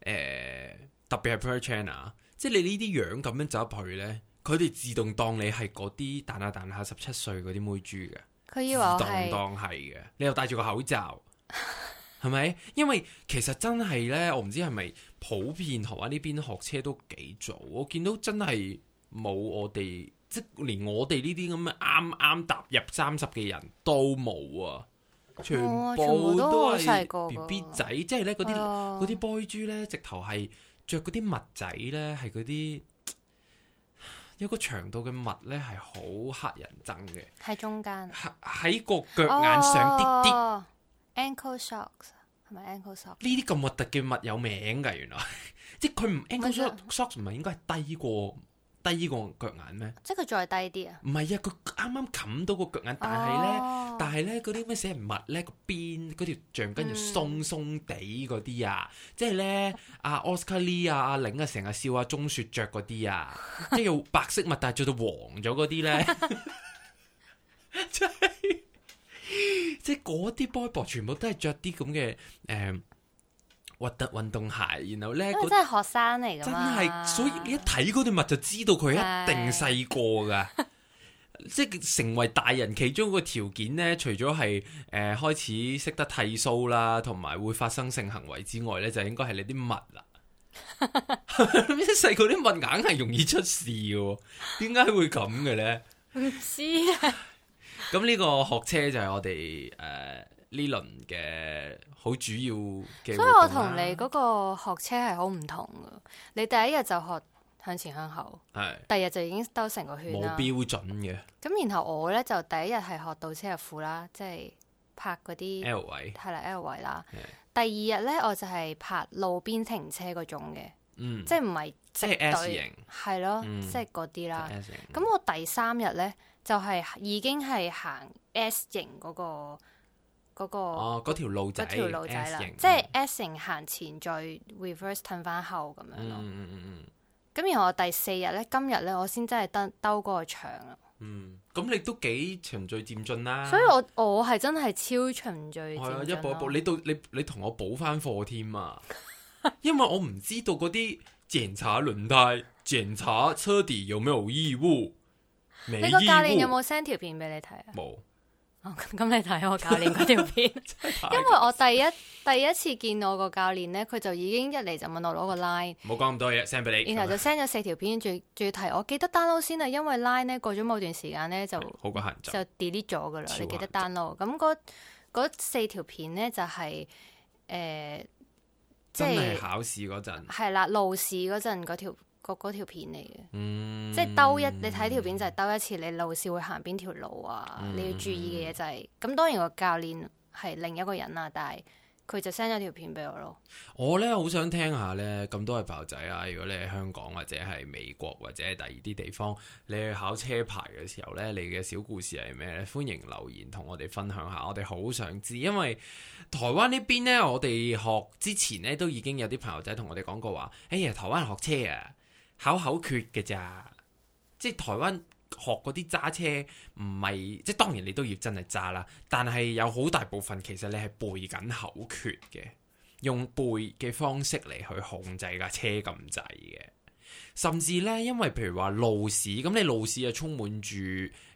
呃，特別係 Per Channel，即係你呢啲樣咁樣走入去咧，佢哋自動當你係嗰啲彈下彈下十七歲嗰啲妹豬嘅，佢以為係，自動當係嘅，你又戴住個口罩。 係咪？因為其實真係咧，我唔知係咪普遍台灣呢邊學車都幾早。我見到真係冇我哋，即係連我哋呢啲咁嘅啱啱踏入三十嘅人都冇啊！全部都係 B B 仔，即係咧嗰啲嗰啲 boy 豬咧，直頭係着嗰啲襪仔咧，係嗰啲一個長度嘅襪咧，係好乞人憎嘅。喺中間，喺個腳眼上啲啲。哦 Ankle socks, 是是 ankle socks 係咪 ankle socks？呢啲咁核突嘅物有名噶，原來即係佢唔 ankle socks 唔係應該係低過低過腳眼咩？即係佢再低啲啊？唔係、哦、啊，佢啱啱冚到個腳眼，但係咧，但係咧嗰啲咩人物咧個邊嗰條橡筋要鬆鬆地嗰啲啊！即係咧阿 Oscar Lee 啊、阿玲啊成日笑阿、啊、中雪着嗰啲啊，即係 白色物，但係着到黃咗嗰啲咧。真係。即係嗰啲 boy 全部都係着啲咁嘅誒，核突運動鞋，然後咧，真係學生嚟噶嘛？真係，所以你一睇嗰對襪就知道佢一定細個噶。 即係成為大人其中個條件咧，除咗係誒開始識得剃鬚啦，同埋會發生性行為之外咧，就應該係你啲襪啦。細個啲物硬係容易出事嘅，點解會咁嘅咧？唔知啊。 咁呢個學車就係我哋誒呢輪嘅好主要嘅，所以我同你嗰個學車係好唔同㗎。你第一日就學向前向後，係的，第二日就已經兜成個圈好冇標準嘅。咁然後我咧就第一日係學倒車入庫啦，即係拍嗰啲 L 位，係啦 L 位啦。的第二日咧我就係拍路邊停車嗰種嘅，嗯、即係唔係即係 S 型，係咯，嗯、即係嗰啲啦。咁型我第三日咧。就係已經係行 S 型嗰、那個嗰、那個哦，條路仔，嗰條路仔啦，即係 S 型, S 型 S、嗯、 行前再 reverse turn 翻後咁樣咯、嗯。嗯嗯嗯咁然後我第四日咧，今日咧，我先真係兜兜嗰個場啊。嗯，咁你都幾循序漸進啦。所以我我係真係超循序漸進。係啊，一步一步，你到你你同我補翻課添啊。 因為我唔知道嗰啲檢查輪胎、檢查車底有冇異物。你個教練有冇 send 條片俾你睇啊？冇沒、哦。咁咁，你睇我教練嗰條片。 因為我第一第一次見我個教練咧，佢就已經一嚟就問我攞個 line。冇講咁多嘢，send 俾你。然後就 send 咗四條片，仲仲要提我，我記得 download 先啊，因為 line 咧過咗冇段時間咧就好個限制，就 delete 咗噶啦。你記得 download？咁嗰四條片咧就係誒，即係考試嗰陣。係啦，路試嗰陣嗰條。嗰條片嚟嘅，嗯、即係兜一你睇條片就係兜一次，你路線會行邊條路啊？嗯、你要注意嘅嘢就係、是、咁。當然個教練係另一個人啦、啊，但係佢就 send 咗條片俾我咯。我咧好想聽下咧咁多位朋友仔啊！如果你喺香港或者係美國或者係第二啲地方，你去考車牌嘅時候咧，你嘅小故事係咩咧？歡迎留言同我哋分享下，我哋好想知。因為台灣呢邊咧，我哋學之前咧都已經有啲朋友仔同我哋講過話，哎、欸、呀，台灣學車啊！考口訣嘅咋，即係台灣學嗰啲揸車唔係，即係當然你都要真係揸啦。但係有好大部分其實你係背緊口訣嘅，用背嘅方式嚟去控制架車咁滯嘅。甚至呢，因為譬如話路市，咁你路市就充滿住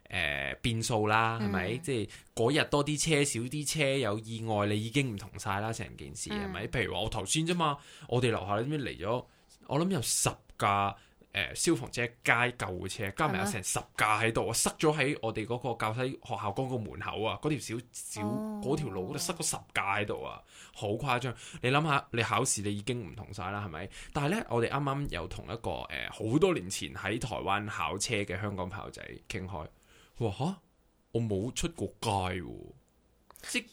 誒變數啦，係咪、嗯？即係嗰日多啲車少啲車，車有意外你已經唔同曬啦，成件事係咪、嗯？譬如話我頭先啫嘛，我哋樓下點解嚟咗？我諗有十架誒、呃、消防車、街救護車，加埋有成十架喺度，嗎塞我塞咗喺我哋嗰個教西學校嗰個門口啊，嗰條小小條、哦、路嗰度塞咗十架喺度啊，好誇張！你諗下，你考試你已經唔同晒啦，係咪？但係呢，我哋啱啱又同一個誒好、呃、多年前喺台灣考車嘅香港朋友仔傾開，哇、啊、我冇出過街、啊，即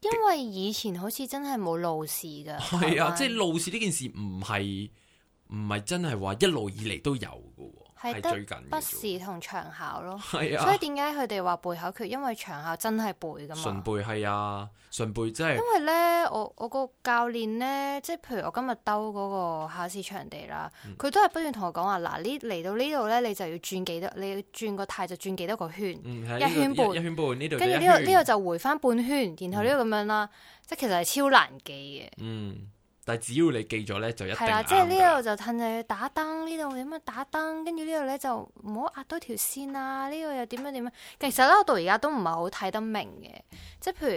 因為以前好似真係冇路試噶，係啊，嗯、即係路試呢件事唔係。唔係真係話一路以嚟都有嘅，係最近是不是時同場考咯，係啊，所以點解佢哋話背口訣？因為場考真係背噶嘛，順背係啊，順背真、就、係、是。因為咧，我我個教練咧，即係譬如我今日兜嗰個考試場地啦，佢、嗯、都係不斷同我講話嗱，呢、啊、嚟到呢度咧，你就要轉幾多，你要轉個態就轉幾多個圈，嗯啊、一圈半，這個、一,一圈半呢度，跟住呢度呢度就回翻半圈，然後呢度咁樣啦，即係、嗯、其實係超難記嘅，嗯。但係只要你記咗咧，就一定係啦。即係呢度就褪就打燈，呢度點樣打燈？跟住呢度咧就唔好壓多條線啦、啊。呢度又點樣點樣？其實咧，我到而家都唔係好睇得明嘅。即係譬如，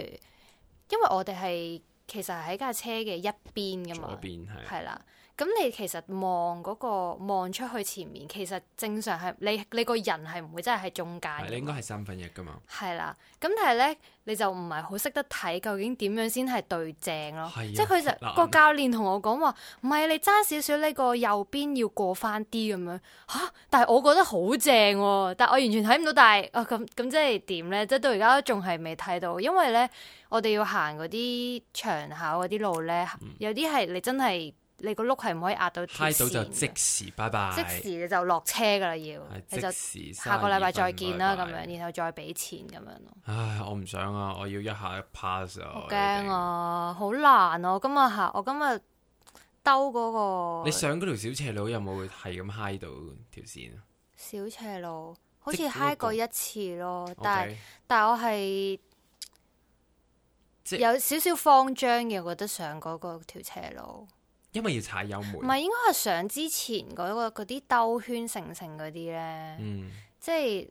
因為我哋係其實喺架車嘅一邊噶嘛，左邊係係啦。咁你其實望嗰、那個望出去前面，其實正常係你你個人係唔會真係喺中間。你應該係三分一噶嘛。係啦，咁但係咧，你就唔係好識得睇究竟點樣先係對正咯。的即係佢就是個教練同我講話，唔係你揸少少呢個右邊要過翻啲咁樣。嚇！但係我覺得好正喎、啊，但係我完全睇唔到。但係啊咁咁、啊嗯嗯、即係點咧？即係到而家都仲係未睇到，因為咧我哋要行嗰啲長考嗰啲路咧，有啲係你真係。嗯你個碌係唔可以壓到到就即時拜拜，即時就落車噶啦，要即時。你就下個禮拜再見啦，咁樣拜，然後再俾錢咁樣咯。唉，我唔想啊，我要一下一 pass 好啊！驚啊，好難啊！我今日下，我今日兜嗰個。你上嗰條小斜路有冇係咁嗨 i g h 到條線？小斜路好似嗨 i 過一次咯，Okay 但但我係即有少少慌張嘅，我覺得上嗰個條斜路。因為要踩油門，唔係應該係上之前嗰啲、嗰個、兜圈成成嗰啲咧，嗯、即係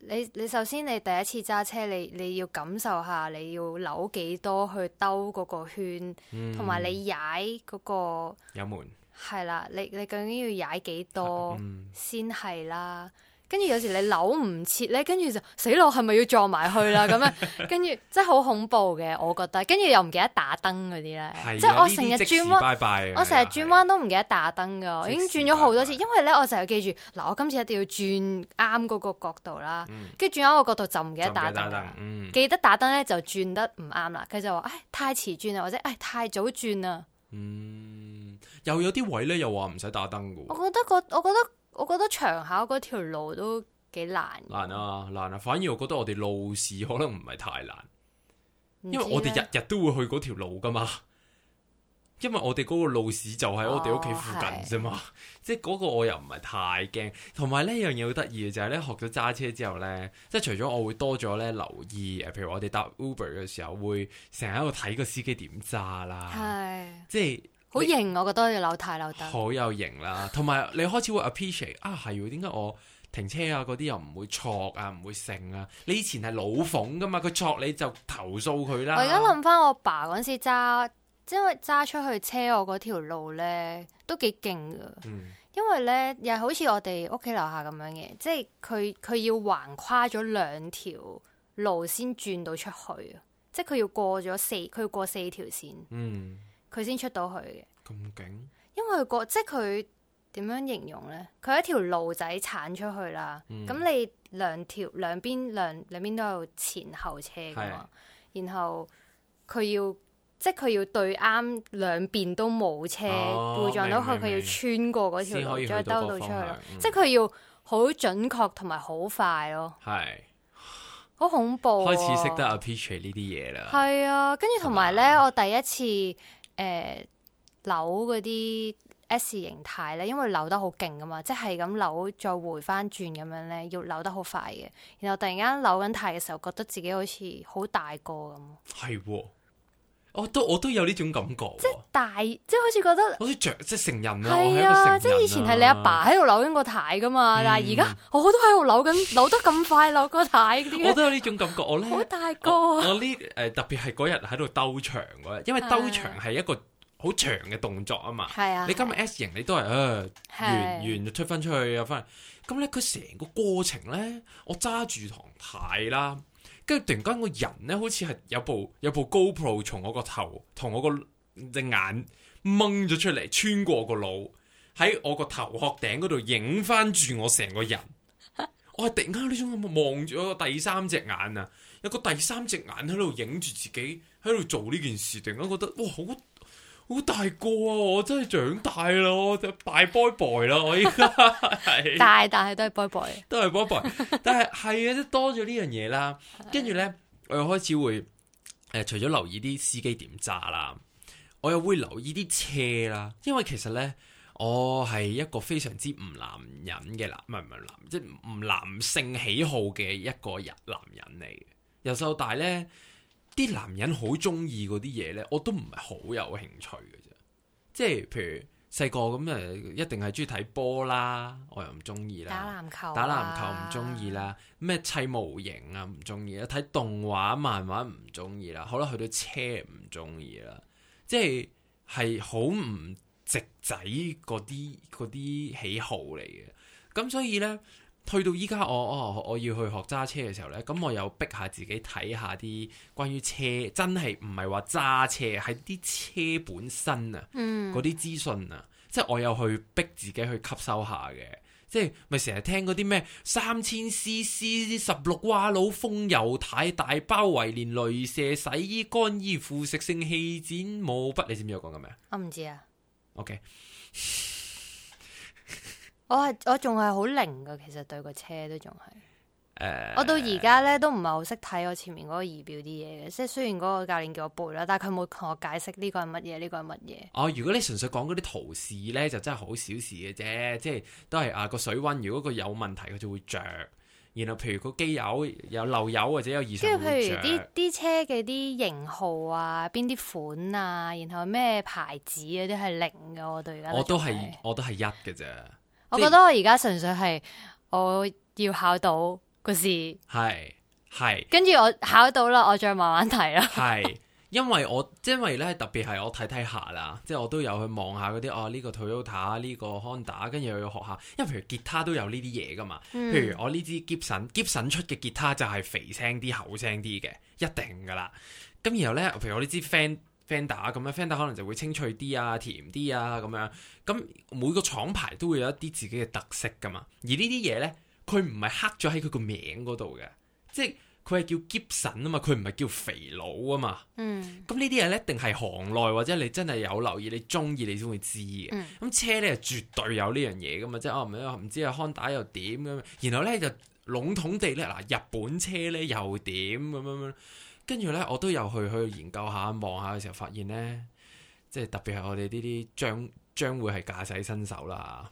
你你首先你第一次揸車，你你要感受下你要扭幾多去兜嗰個圈，同埋、嗯、你踩嗰、嗰個油有門係啦，你你究竟要踩幾多先係、嗯、啦？跟住有時你扭唔切咧，跟住就死落，係咪要撞埋去啦？咁樣跟住真係好恐怖嘅，我覺得。跟住又唔記得打燈嗰啲咧，即係我成日轉彎，我成日轉彎都唔記得打燈㗎。我已經轉咗好多次，的因為咧我成日記住嗱，我今次一定要轉啱嗰個角度啦。跟住 轉啱個角度就唔記，記得打燈，嗯、記得打燈咧就轉得唔啱啦。佢就話：哎，太遲轉啊，或者哎，太早轉啊。嗯，又有啲位咧又話唔使打燈㗎。 我覺得個，我覺得。我覺得長考嗰條路都幾難。難啊，難啊！反而我覺得我哋路試可能唔係太難，知因為我哋日日都會去嗰條路噶嘛。因為我哋嗰個路試就喺我哋屋企附近啫嘛，哦、即係嗰個我又唔係太驚。同埋呢，一樣嘢好得意嘅就係咧，學咗揸車之後咧，即係除咗我會多咗咧留意，誒，譬如我哋搭 Uber 嘅時候會成日喺度睇個司機點揸啦，係是，即係。好型，我覺得要扭軚扭得。好有型啦，同埋你開始會 appreciate 啊，係點解我停車啊嗰啲又唔會錯啊，唔會剩啊？你以前係老闆噶嘛，佢錯你就投訴佢啦。我而家諗翻我爸嗰時揸，因為揸出去車我嗰條路咧都幾勁噶。嗯。因為咧又好似我哋屋企樓下咁樣嘅，即係佢佢要橫跨咗兩條路先轉到出去，即係佢要過咗四，佢要過四條線。嗯。佢先出到去嘅，咁勁？因為個即係佢點樣形容咧？佢係一條路仔鏟出去啦。咁你兩條兩邊兩兩邊都有前後車㗎嘛。然後佢要即係佢要對啱兩邊都冇車，會撞到佢，佢要穿過嗰條路再兜到出去啦。即係佢要好準確同埋好快咯。係，好恐怖。開始識得阿 Per 呢啲嘢啦。係啊，跟住同埋咧，我第一次。誒、呃，扭嗰啲 S 形態咧，因為扭得好勁噶嘛，即係咁扭再回翻轉咁樣咧，要扭得好快嘅，然後突然間扭緊軚嘅時候，覺得自己好似好大個咁。係、哦。我都我都有呢種感覺，即係大，即係好似覺得好似着即係成人啦，係啊，即係以前係你阿爸喺度扭緊個軚噶嘛，嗯、但係而家我都喺度扭緊扭得咁快扭個軚。 我都有呢種感覺，我咧好大個、啊我，我呢誒、呃、特別係嗰日喺度兜場嘅，因為兜場係一個好長嘅動作啊嘛，係啊，你今日 S 型 S、啊、 你都係誒圓就出翻出去又翻，咁咧佢成個過程咧我揸住糖太啦。即突然間，個人咧好似係有部有部 GoPro 從我個頭同我個隻眼掹咗出嚟，穿過個腦喺我個頭殼頂嗰度影翻住我成個人。我係 突然間呢種望住我第三隻眼啊，有個第三隻眼喺度影住自己，喺度做呢件事，突然間覺得哇好～好大個啊！我真係長大咯，我大 boy boy 啦，我依家係大，但係都係 boy boy，都係 boy boy，但係係啊，即多咗呢樣嘢啦。跟住咧，我又開始會誒、呃，除咗留意啲司機點揸啦，我又會留意啲車啦。因為其實咧，我係一個非常之唔男人嘅男，唔係唔係男，即係唔男性喜好嘅一個人，男人嚟。由細到大咧。啲男人好中意嗰啲嘢呢，我都唔係好有興趣嘅啫。即係譬如細個咁啊，一定係中意睇波啦，我又唔中意啦。打籃球，啊，打籃球唔中意啦。咩砌模型啊，唔中意啦。睇動畫漫畫唔中意啦。可能去到車唔中意啦。即係係好唔直仔嗰啲嗰啲喜好嚟嘅。咁所以呢。退到依家，我哦，我要去學揸車嘅時候呢，咁我又逼下自己睇下啲關於車，真係唔係話揸車，係啲車本身啊，嗰啲資訊啊，即係我又去逼自己去吸收下嘅，即係咪成日聽嗰啲咩三千 c c 十六瓦佬風油太大包圍連鐳射洗衣乾衣腐蝕性氣展冇筆，你知唔知我講緊咩啊？我唔知啊。OK。我係我仲係好靈噶，其實對個車都仲係。誒、欸，我到而家咧都唔係好識睇我前面嗰個儀表啲嘢嘅，即係雖然嗰個教練叫我背啦，但係佢冇同我解釋呢個係乜嘢，呢、呢個係乜嘢。哦，如果你純粹講嗰啲圖示咧，就真係好小事嘅啫，即係都係啊個水溫，如果佢有問題，佢就會着。然後譬如個機油有漏油或者有異常，跟住譬如啲啲車嘅啲型號啊，邊啲款啊，然後咩牌子嗰啲係零噶，我到而家我都係我都係一嘅咋。 我覺得我而家純粹係我要考到個事，係係，跟住我考到啦，我再慢慢睇啦。係，因為我因為咧，特別係我睇睇下啦，即係我都有去望下嗰啲哦，呢、啊這個 Toyota 呢個 Honda，跟住又要學下。因為譬如吉他都有、嗯、son，他呢啲嘢噶嘛，譬如我呢支 Gibson，Gibson 出嘅吉他就係肥聲啲、厚聲啲嘅，一定噶啦。咁然後咧，譬如我呢支 Fender 咁樣 Fender 可能就會清脆啲啊，甜啲啊咁樣，咁每個廠牌都會有一啲自己嘅特色噶嘛，而呢啲嘢咧，佢唔係黑咗喺佢個名嗰度嘅，即係佢係叫 Gibson 啊嘛，佢唔係叫肥佬啊嘛，嗯，咁呢啲嘢咧，一定係行內或者你真係有留意，你中意你先會知嘅，咁、嗯、車咧絕對有呢樣嘢噶嘛，即係我唔知啊 Honda 又點咁，然後咧就籠統地咧嗱日本車咧又點咁樣。跟住咧，我都有去去研究下、望下嘅時候，發現咧，即係特別係我哋呢啲將將會係駕駛新手啦。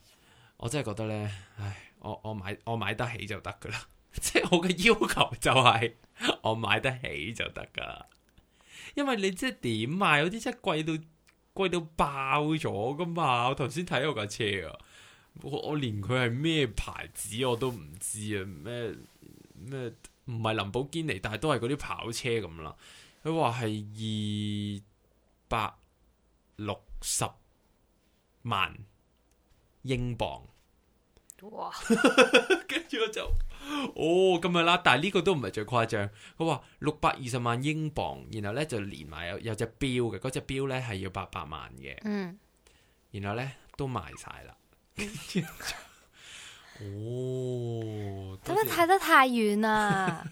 我真係覺得咧，唉，我我買我買得起就得噶啦， 即係我嘅要求就係我買得起就得噶。 因為你即係點啊？有啲真係貴到貴到爆咗噶嘛！我頭先睇我架車啊，我我連佢係咩牌子我都唔知啊，咩咩。唔係林保堅尼，但係都係嗰啲跑車咁啦。佢話係二百六十萬英鎊。哇！跟住 我就，哦咁樣啦。但係呢個都唔係最誇張。佢話六百二十萬英鎊，然後咧就連埋有有隻錶嘅，嗰隻錶咧係要八百萬嘅。嗯。然後咧都賣晒啦。 哦，咁得太得太遠啦！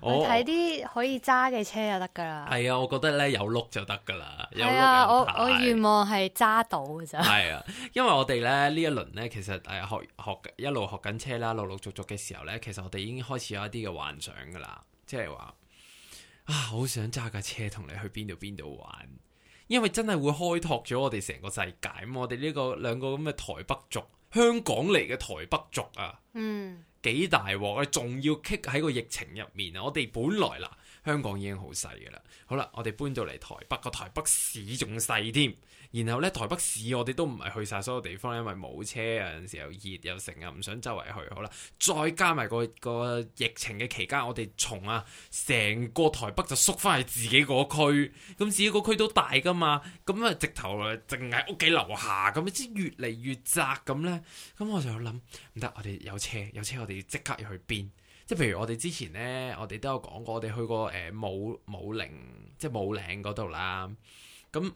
我睇啲可以揸嘅車就得噶啦。係啊，我覺得咧有碌就得噶啦，有啊，有我我願望係揸到噶咋。係啊，因為我哋咧呢一輪咧，其實誒學學一路學緊車啦，陸陸續續嘅時候咧，其實我哋已經開始有一啲嘅幻想噶啦，即係話啊，好想揸架車同你去邊度邊度玩，因為真係會開拓咗我哋成個世界。咁我哋呢個兩個咁嘅台北族，香港嚟嘅台北族啊，嗯，幾大鑊啊，仲要棘喺個疫情入面啊！我哋本來嗱，香港已經好細嘅啦，好啦，我哋搬到嚟台北，個台北市仲細添。然後咧，台北市我哋都唔係去晒所有地方，因為冇車啊，有陣時候又熱，又成日唔想周圍去，好啦。再加埋個個疫情嘅期間，我哋從啊成個台北就縮翻嚟自己個區，咁、嗯、自己個區都大㗎嘛，咁、嗯、啊直頭淨喺屋企樓下，咁、嗯、即越嚟越窄咁咧。咁、嗯嗯、我就諗唔得，我哋有車，有車我哋即刻要去邊？即係譬如我哋之前咧，我哋都有講過，我哋去過誒武武陵，即係武嶺嗰度啦，咁、嗯。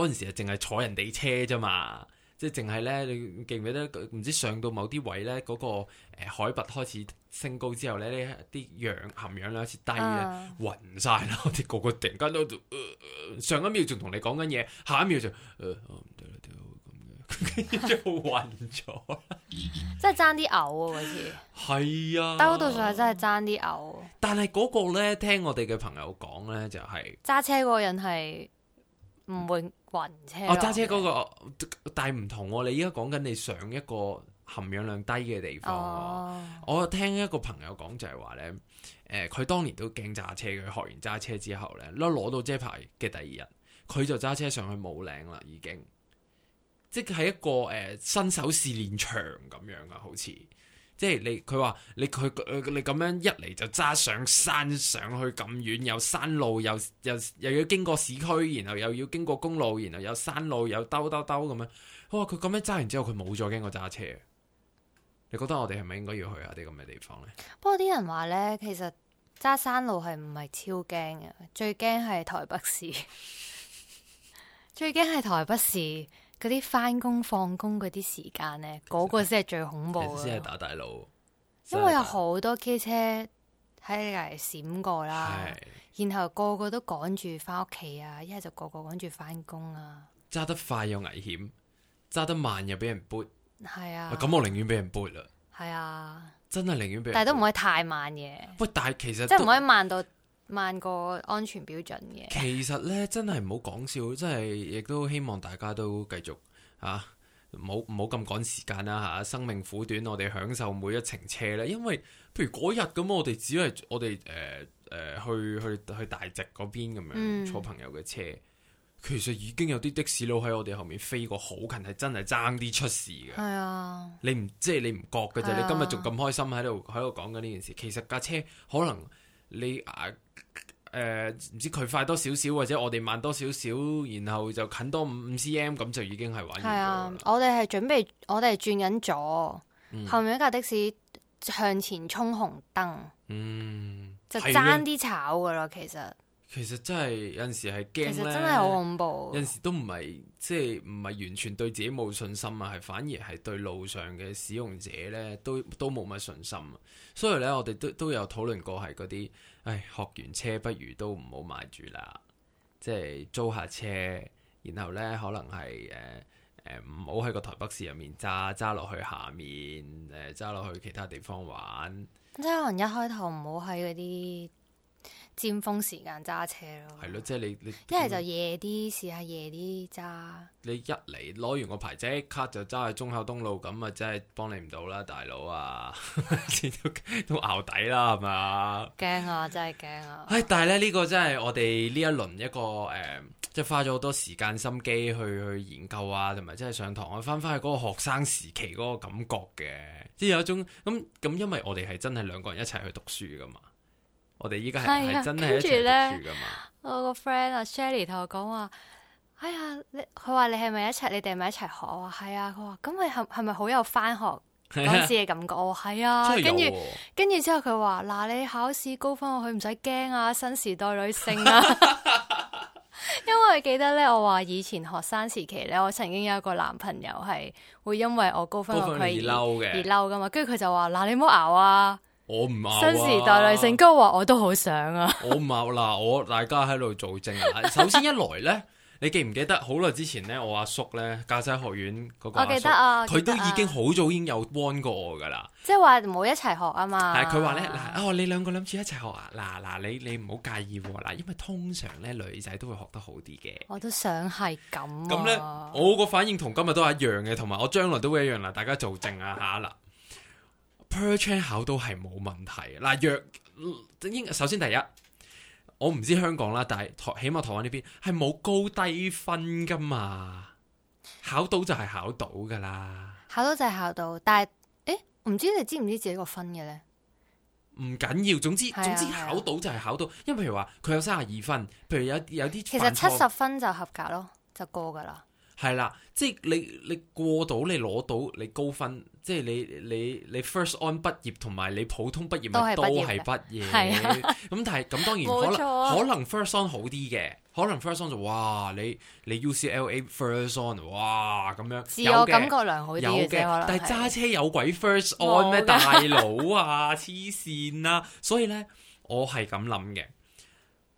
嗰陣時就淨係坐人哋車啫嘛，即係淨係咧，你記唔記得唔知上到某啲位咧，嗰、嗰個誒、呃、海拔開始升高之後咧，啲氧含氧量開始低咧，暈晒啦，我哋個，個個突然間都、呃、上一秒仲同你講緊嘢，下一秒就唔得啦，掉咁嘅，又暈咗， 了 真係爭啲嘔啊嗰次，係啊，嗰度上係真係爭啲嘔。但係嗰個咧，聽我哋嘅朋友講咧，就係揸車嗰個人係唔會。 車，哦揸車嗰、那個，但係唔同、哦，你依家講緊你上一個含氧量低嘅地方、哦，oh. 我聽一個朋友講就係話呢，誒、呃、佢當年都驚揸車嘅，學完揸車之後呢，攞攞到車牌嘅第二日，佢就揸車上去武嶺啦，已經，即係一個誒新、呃、手試練場咁樣啊，好似。即係你佢話你佢你咁樣一嚟就揸上山上去咁遠，有山路又又又要經過市區，然後又要經過公路，然後有山路又兜兜兜咁樣。哇！佢咁樣揸完之後，佢冇再驚過揸車。你覺得我哋係咪應該要去下啲咁嘅地方呢？不過啲人話呢，其實揸山路係唔係超驚嘅，最驚係台北市， 最驚係台北市。嗰啲返工放工嗰啲時間咧，嗰實個先係最恐怖咯。先係打大佬，因為有好多機車車喺你隔籬閃過啦，的然後個個都趕住返屋企啊，一係就個個趕住返工啊。揸得快又危險，揸得慢又俾人撥。係啊的，咁我寧願俾人撥啦。係啊的，真係寧願俾人，但係都唔可以太慢嘅。不，但係其實即係唔可以慢到。萬個安全標準嘅，其實呢，真係唔好講笑，真係亦都希望大家都繼續嚇，唔好唔好咁趕時間啦嚇、啊。生命苦短，我哋享受每一程車咧。因為譬如嗰日咁，我哋只係我哋誒誒去去去，去大直嗰邊咁樣、嗯、坐朋友嘅車，其實已經有啲的士佬喺我哋後面飛過，好近，係真係爭啲出事嘅。係啊、嗯，你唔即係你唔覺嘅啫。嗯、你今日仲咁開心喺度喺度講緊呢件事，其實架車可能。你啊，誒、呃、唔知佢快多少少，或者我哋慢多少少，然後就近多五五 cm，咁就已經係玩完咗啦。係啊，我哋係準備，我哋轉緊左，嗯、後面一架的士向前衝紅燈，嗯，就爭啲炒噶咯，的其實。其實真係有陣時係驚，其實真係好恐怖。有陣時都唔係即係唔係完全對自己冇信心啊，係反而係對路上嘅使用者咧都都冇乜信心啊。所以咧，我哋都都有討論過係嗰啲，唉，學完車不如都唔好買住啦，即係租下車，然後咧可能係誒誒唔好喺個台北市入面揸，揸落去下面，誒揸落去其他地方玩。即係可能一開頭唔好喺嗰啲。尖峰時間揸車咯，係咯，即係你你，你一係就夜啲試下夜啲揸。你一嚟攞完個牌即刻就揸去忠孝東路，咁啊真係幫你唔到啦，大佬啊， 都都熬底啦，係咪？驚啊！真係驚啊！唉、哎，但係咧呢、這個真係我哋呢一輪一個誒，即、呃、係、就是、花咗好多時間心機去去研究啊，同埋即係上堂啊，翻翻去嗰個學生時期嗰個感覺嘅，即係有一種咁咁，因為我哋係真係兩個人一齊去讀書㗎嘛。我哋依家係真係跟住咧，我個 friend 阿 Jenny 同我講話：哎呀，你佢話你係咪一齊？你哋咪一齊學？啊？我話係啊。佢話咁你係係咪好有翻學嗰時嘅感覺？我係啊。跟住，跟住、啊啊、之後佢話：嗱，你考試高分，我佢唔使驚啊！新時代女性啊！ 因為記得咧，我話以前學生時期咧，我曾經有一個男朋友係會因為我高分，佢而嬲嘅，而嬲噶嘛。跟住佢就話：嗱，你唔好熬啊！我唔拗啊！新時代女性哥話我都好想啊！我唔拗嗱，我大家喺度做證啊！首先一來呢，你記唔記得好耐之前呢？我阿叔呢，駕駛學院嗰個阿叔，我記得啊。佢都已經好早已經有幫過我噶啦。即係話唔好一齊學啊嘛！係佢話呢，哦、啊啊，你兩個諗住一齊學啊！嗱、啊、嗱、啊，你你唔好介意喎、啊、嗱、啊，因為通常呢，女仔都會學得好啲嘅。我都想係咁、啊。咁呢，我個反應同今日都係一樣嘅，同埋我將來都會一樣啦。大家做證啊吓啦！Per 考到係冇問題，嗱若應首先第一，我唔知香港啦，但係台起碼台灣呢邊係冇高低分噶嘛，考到就係考到噶啦，考到就係考到，但係誒唔知你知唔知自己個分嘅咧？唔緊要，總之、啊啊、總之考到就係考到，因為譬如話佢有三十二分，譬如有有啲其實七十分就合格咯，就過噶啦。係啦，即係你你過你到你攞到你高分，即係你你你 first on 畢業同埋你普通畢業咪都係畢業，咁是、啊、但係咁當然可能錯、啊、可能 first on 好啲嘅，可能 first on 就哇你你 UCLA first on 哇咁樣，自我感覺良好啲嘅，但係揸車有鬼 first on 咩我的 大佬啊黐線 啊！所以咧我係咁諗嘅，誒、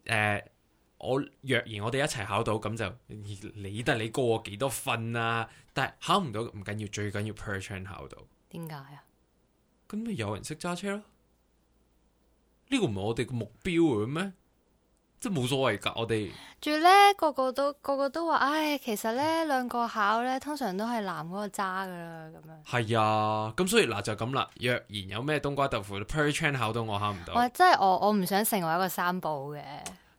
呃。我若然我哋一齊考到，咁就理得你，你過我幾多分啊！但係考唔到唔緊要，最緊要 Perchan 考到。點解啊？咁咪有人識揸車咯？呢個唔係我哋個目標嘅咩？即係冇所謂噶，我哋。仲要咧個個都個個都話，唉、哎，其實咧兩個考咧，通常都係男嗰個揸噶啦，咁樣。係啊，咁所以嗱就咁啦。若然有咩冬瓜豆腐 Perchan 考到，我考唔到。我即係我，我唔想成為一個三寶嘅。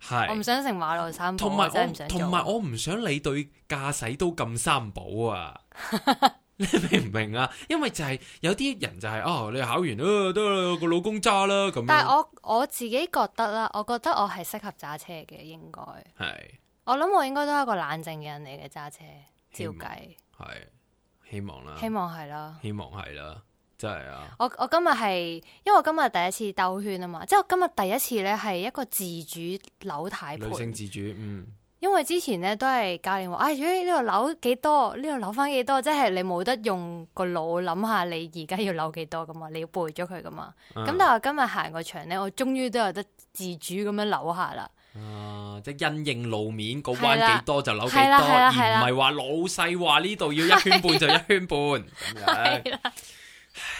是我唔想乘馬路三寶，同埋我唔想，想你對駕駛都咁三寶啊！ 你明唔明啊？因為就係、是、有啲人就係、是、哦，你考完都都個老公揸啦咁樣。但係我我自己覺得啦，我覺得我係適合揸車嘅，應該係。是我諗我應該都係一個冷靜嘅人嚟嘅，揸車照計係希、希望啦，希望係啦，希望係啦。真係啊！我我今日係，因為我今日第一次兜圈啊嘛，即係我今日第一次咧，係一個自主扭軚盤。女性自主，嗯。因為之前咧都係教練話：，哎，呢度扭幾多？呢度扭翻幾多？即係你冇得用個腦諗下，你而家要扭幾多噶嘛？你要背咗佢噶嘛？咁、嗯、但係我今日行個場咧，我終於都有得自主咁樣扭下啦。啊！即係因應路面、個彎幾多就扭幾多，係啦係啦係啦係啦而唔係話老細話呢度要一圈半就一圈半咁樣。啦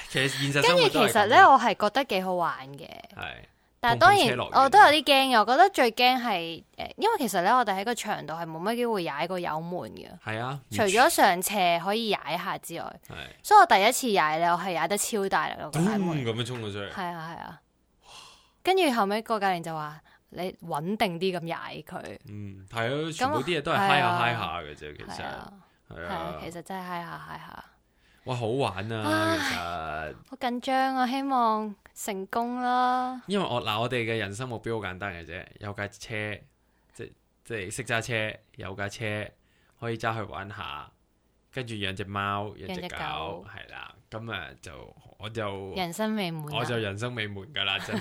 其實現實生活都係跟住其實咧，我係覺得幾好玩嘅。係，但係當然我都有啲驚嘅。我覺得最驚係誒，因爲其實咧，我哋喺個場度係冇乜機會踩個油門嘅。係啊，除咗上斜可以踩下之外，所以我第一次踩咧，我係踩得超大力咯，踩門咁樣衝咗出嚟。係啊，係啊，跟住後尾，郭教練就話你穩定啲咁踩佢。嗯，係咯，全部啲嘢都係 high 下 high 下嘅啫，其實係啊，其實真係 high 下 high 下。哇，其實好玩啊！唉其實好緊張啊，希望成功啦。因為我嗱，我哋嘅人生目標好簡單嘅啫，有架車，即即識揸車，有架車可以揸去玩下，跟住養隻貓，養隻狗，係啦。咁啊，今日就我就，我就人生未滿， 我就人生未滿噶啦，真。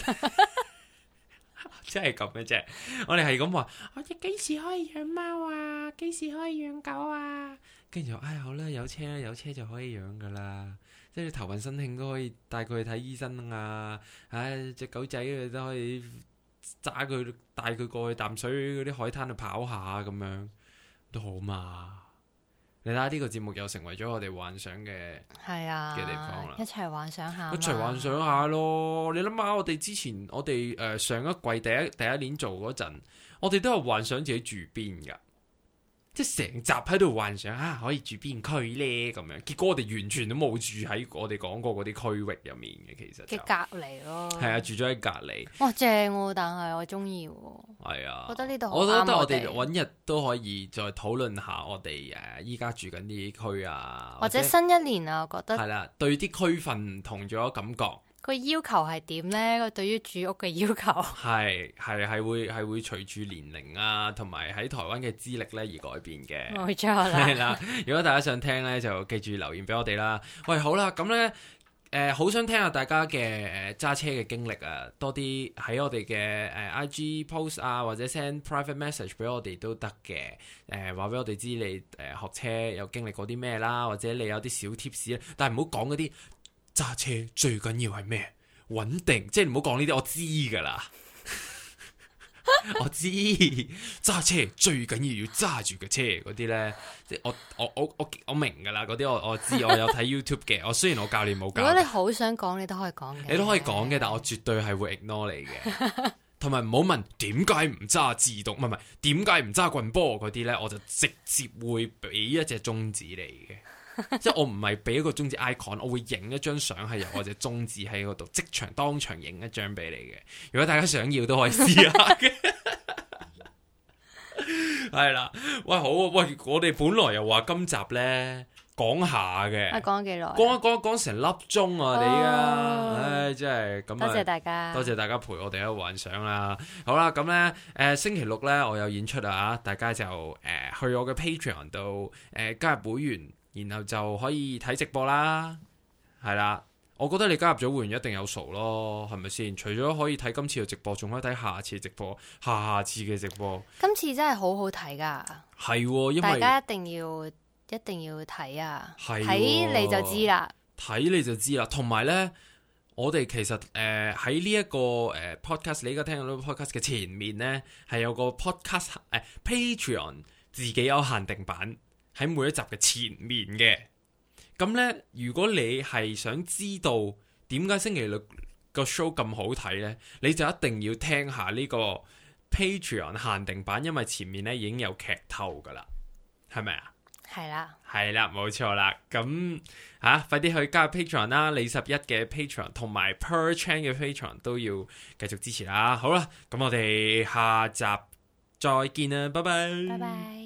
真係咁嘅啫，我哋係咁話，我哋幾時可以養貓啊？幾時可以養狗啊？跟住我，哎好啦，有車啦，有車就可以養噶啦，即係你頭暈身興都可以帶佢去睇醫生啊，唉、哎、隻狗仔都可以揸佢帶佢過去淡水嗰啲海灘度跑下咁樣都好嘛？你睇下呢個節目又成為咗我哋幻想嘅、係啊嘅地方啦，一齊幻想下，一齊幻想下咯。你諗下，我哋之前我哋誒上一季第一第一年做嗰陣，我哋都係幻想自己住邊噶。即係成集喺度幻想啊，可以住邊區咧咁樣，結果我哋完全都冇住喺我哋講過嗰啲區域入面嘅，其實隔籬咯。係啊，住咗喺隔籬。哇，正哦、啊！但係我中意喎。係啊。我、啊、覺得呢度，我覺得我哋揾日都可以再討論下我哋誒依家住緊呢啲區啊，區啊或者或者新一年啊，我覺得係啦、啊，對啲區份唔同咗感覺。個要求係點呢？個對於住屋嘅要求係係係會係會隨住年齡啊，同埋喺台灣嘅資歷呢而改變嘅。冇錯啦 ，如果大家想聽呢，就記住留言俾我哋啦。喂，好啦，咁呢，好、呃、想聽下大家嘅揸車嘅經歷啊！多啲喺我哋嘅、呃、I G post 啊，或者 send private message 俾我哋都得嘅。誒、呃，話俾我哋知你誒、呃、學車有經歷過啲咩啦，或者你有啲小 tips 但係唔好講嗰啲。揸車最緊要係咩？穩定，即係唔好講呢啲，我知噶啦， 我知揸車最緊要要揸住個車嗰啲咧，即係我我我我我明噶啦，嗰啲我我知，我有睇 YouTube 嘅， 我雖然我教練冇教。如果你好想講，你都可以講嘅，你都可以講嘅， 但我絕對係會 ignore 你嘅，同埋唔好問點解唔揸自動，唔係唔係點解唔揸棍波嗰啲咧，我就直接會俾一隻中指你嘅。 即係我唔係俾一個中指 icon，我會影一張相係由我隻中指喺嗰度即場當場影一張俾你嘅。如果大家想要都可以試下嘅。係啦， 喂好，喂我哋本來又話今集咧講下嘅，講幾耐？講一講講成粒鐘啊！你啊，唉、哦哎，真係咁多謝大家，多謝大家陪我哋去幻想啦。好啦，咁咧，誒、呃、星期六咧我有演出啊，大家就誒、呃、去我嘅 Patreon 度誒加入會員。呃然後就可以睇直播啦，係啦，我覺得你加入咗會員一定有數咯，係咪先？除咗可以睇今次嘅直播，仲可以睇下次直播，下次嘅直播。今次真係好好睇噶，係，因為大家一定要一定要睇啊！睇你就知啦，睇你就知啦。同埋呢，我哋其實誒喺呢一個誒、呃、podcast，你而家聽到呢個 podcast 嘅前面呢，係有個 podcast、呃、Patreon 自己有限定版。喺每一集嘅前面嘅，咁呢，如果你係想知道點解星期六個 show 咁好睇呢，你就一定要聽下呢個 Patreon 限定版，因為前面呢已經有劇透噶啦，係咪、嗯、啊？係啦，係啦，冇錯啦。咁吓，快啲去加 Patreon 啦！拾壹嘅 Patreon 同埋 Per Chan 嘅 Patreon 都要繼續支持啦。好啦，咁我哋下集再見啦，拜拜。拜拜。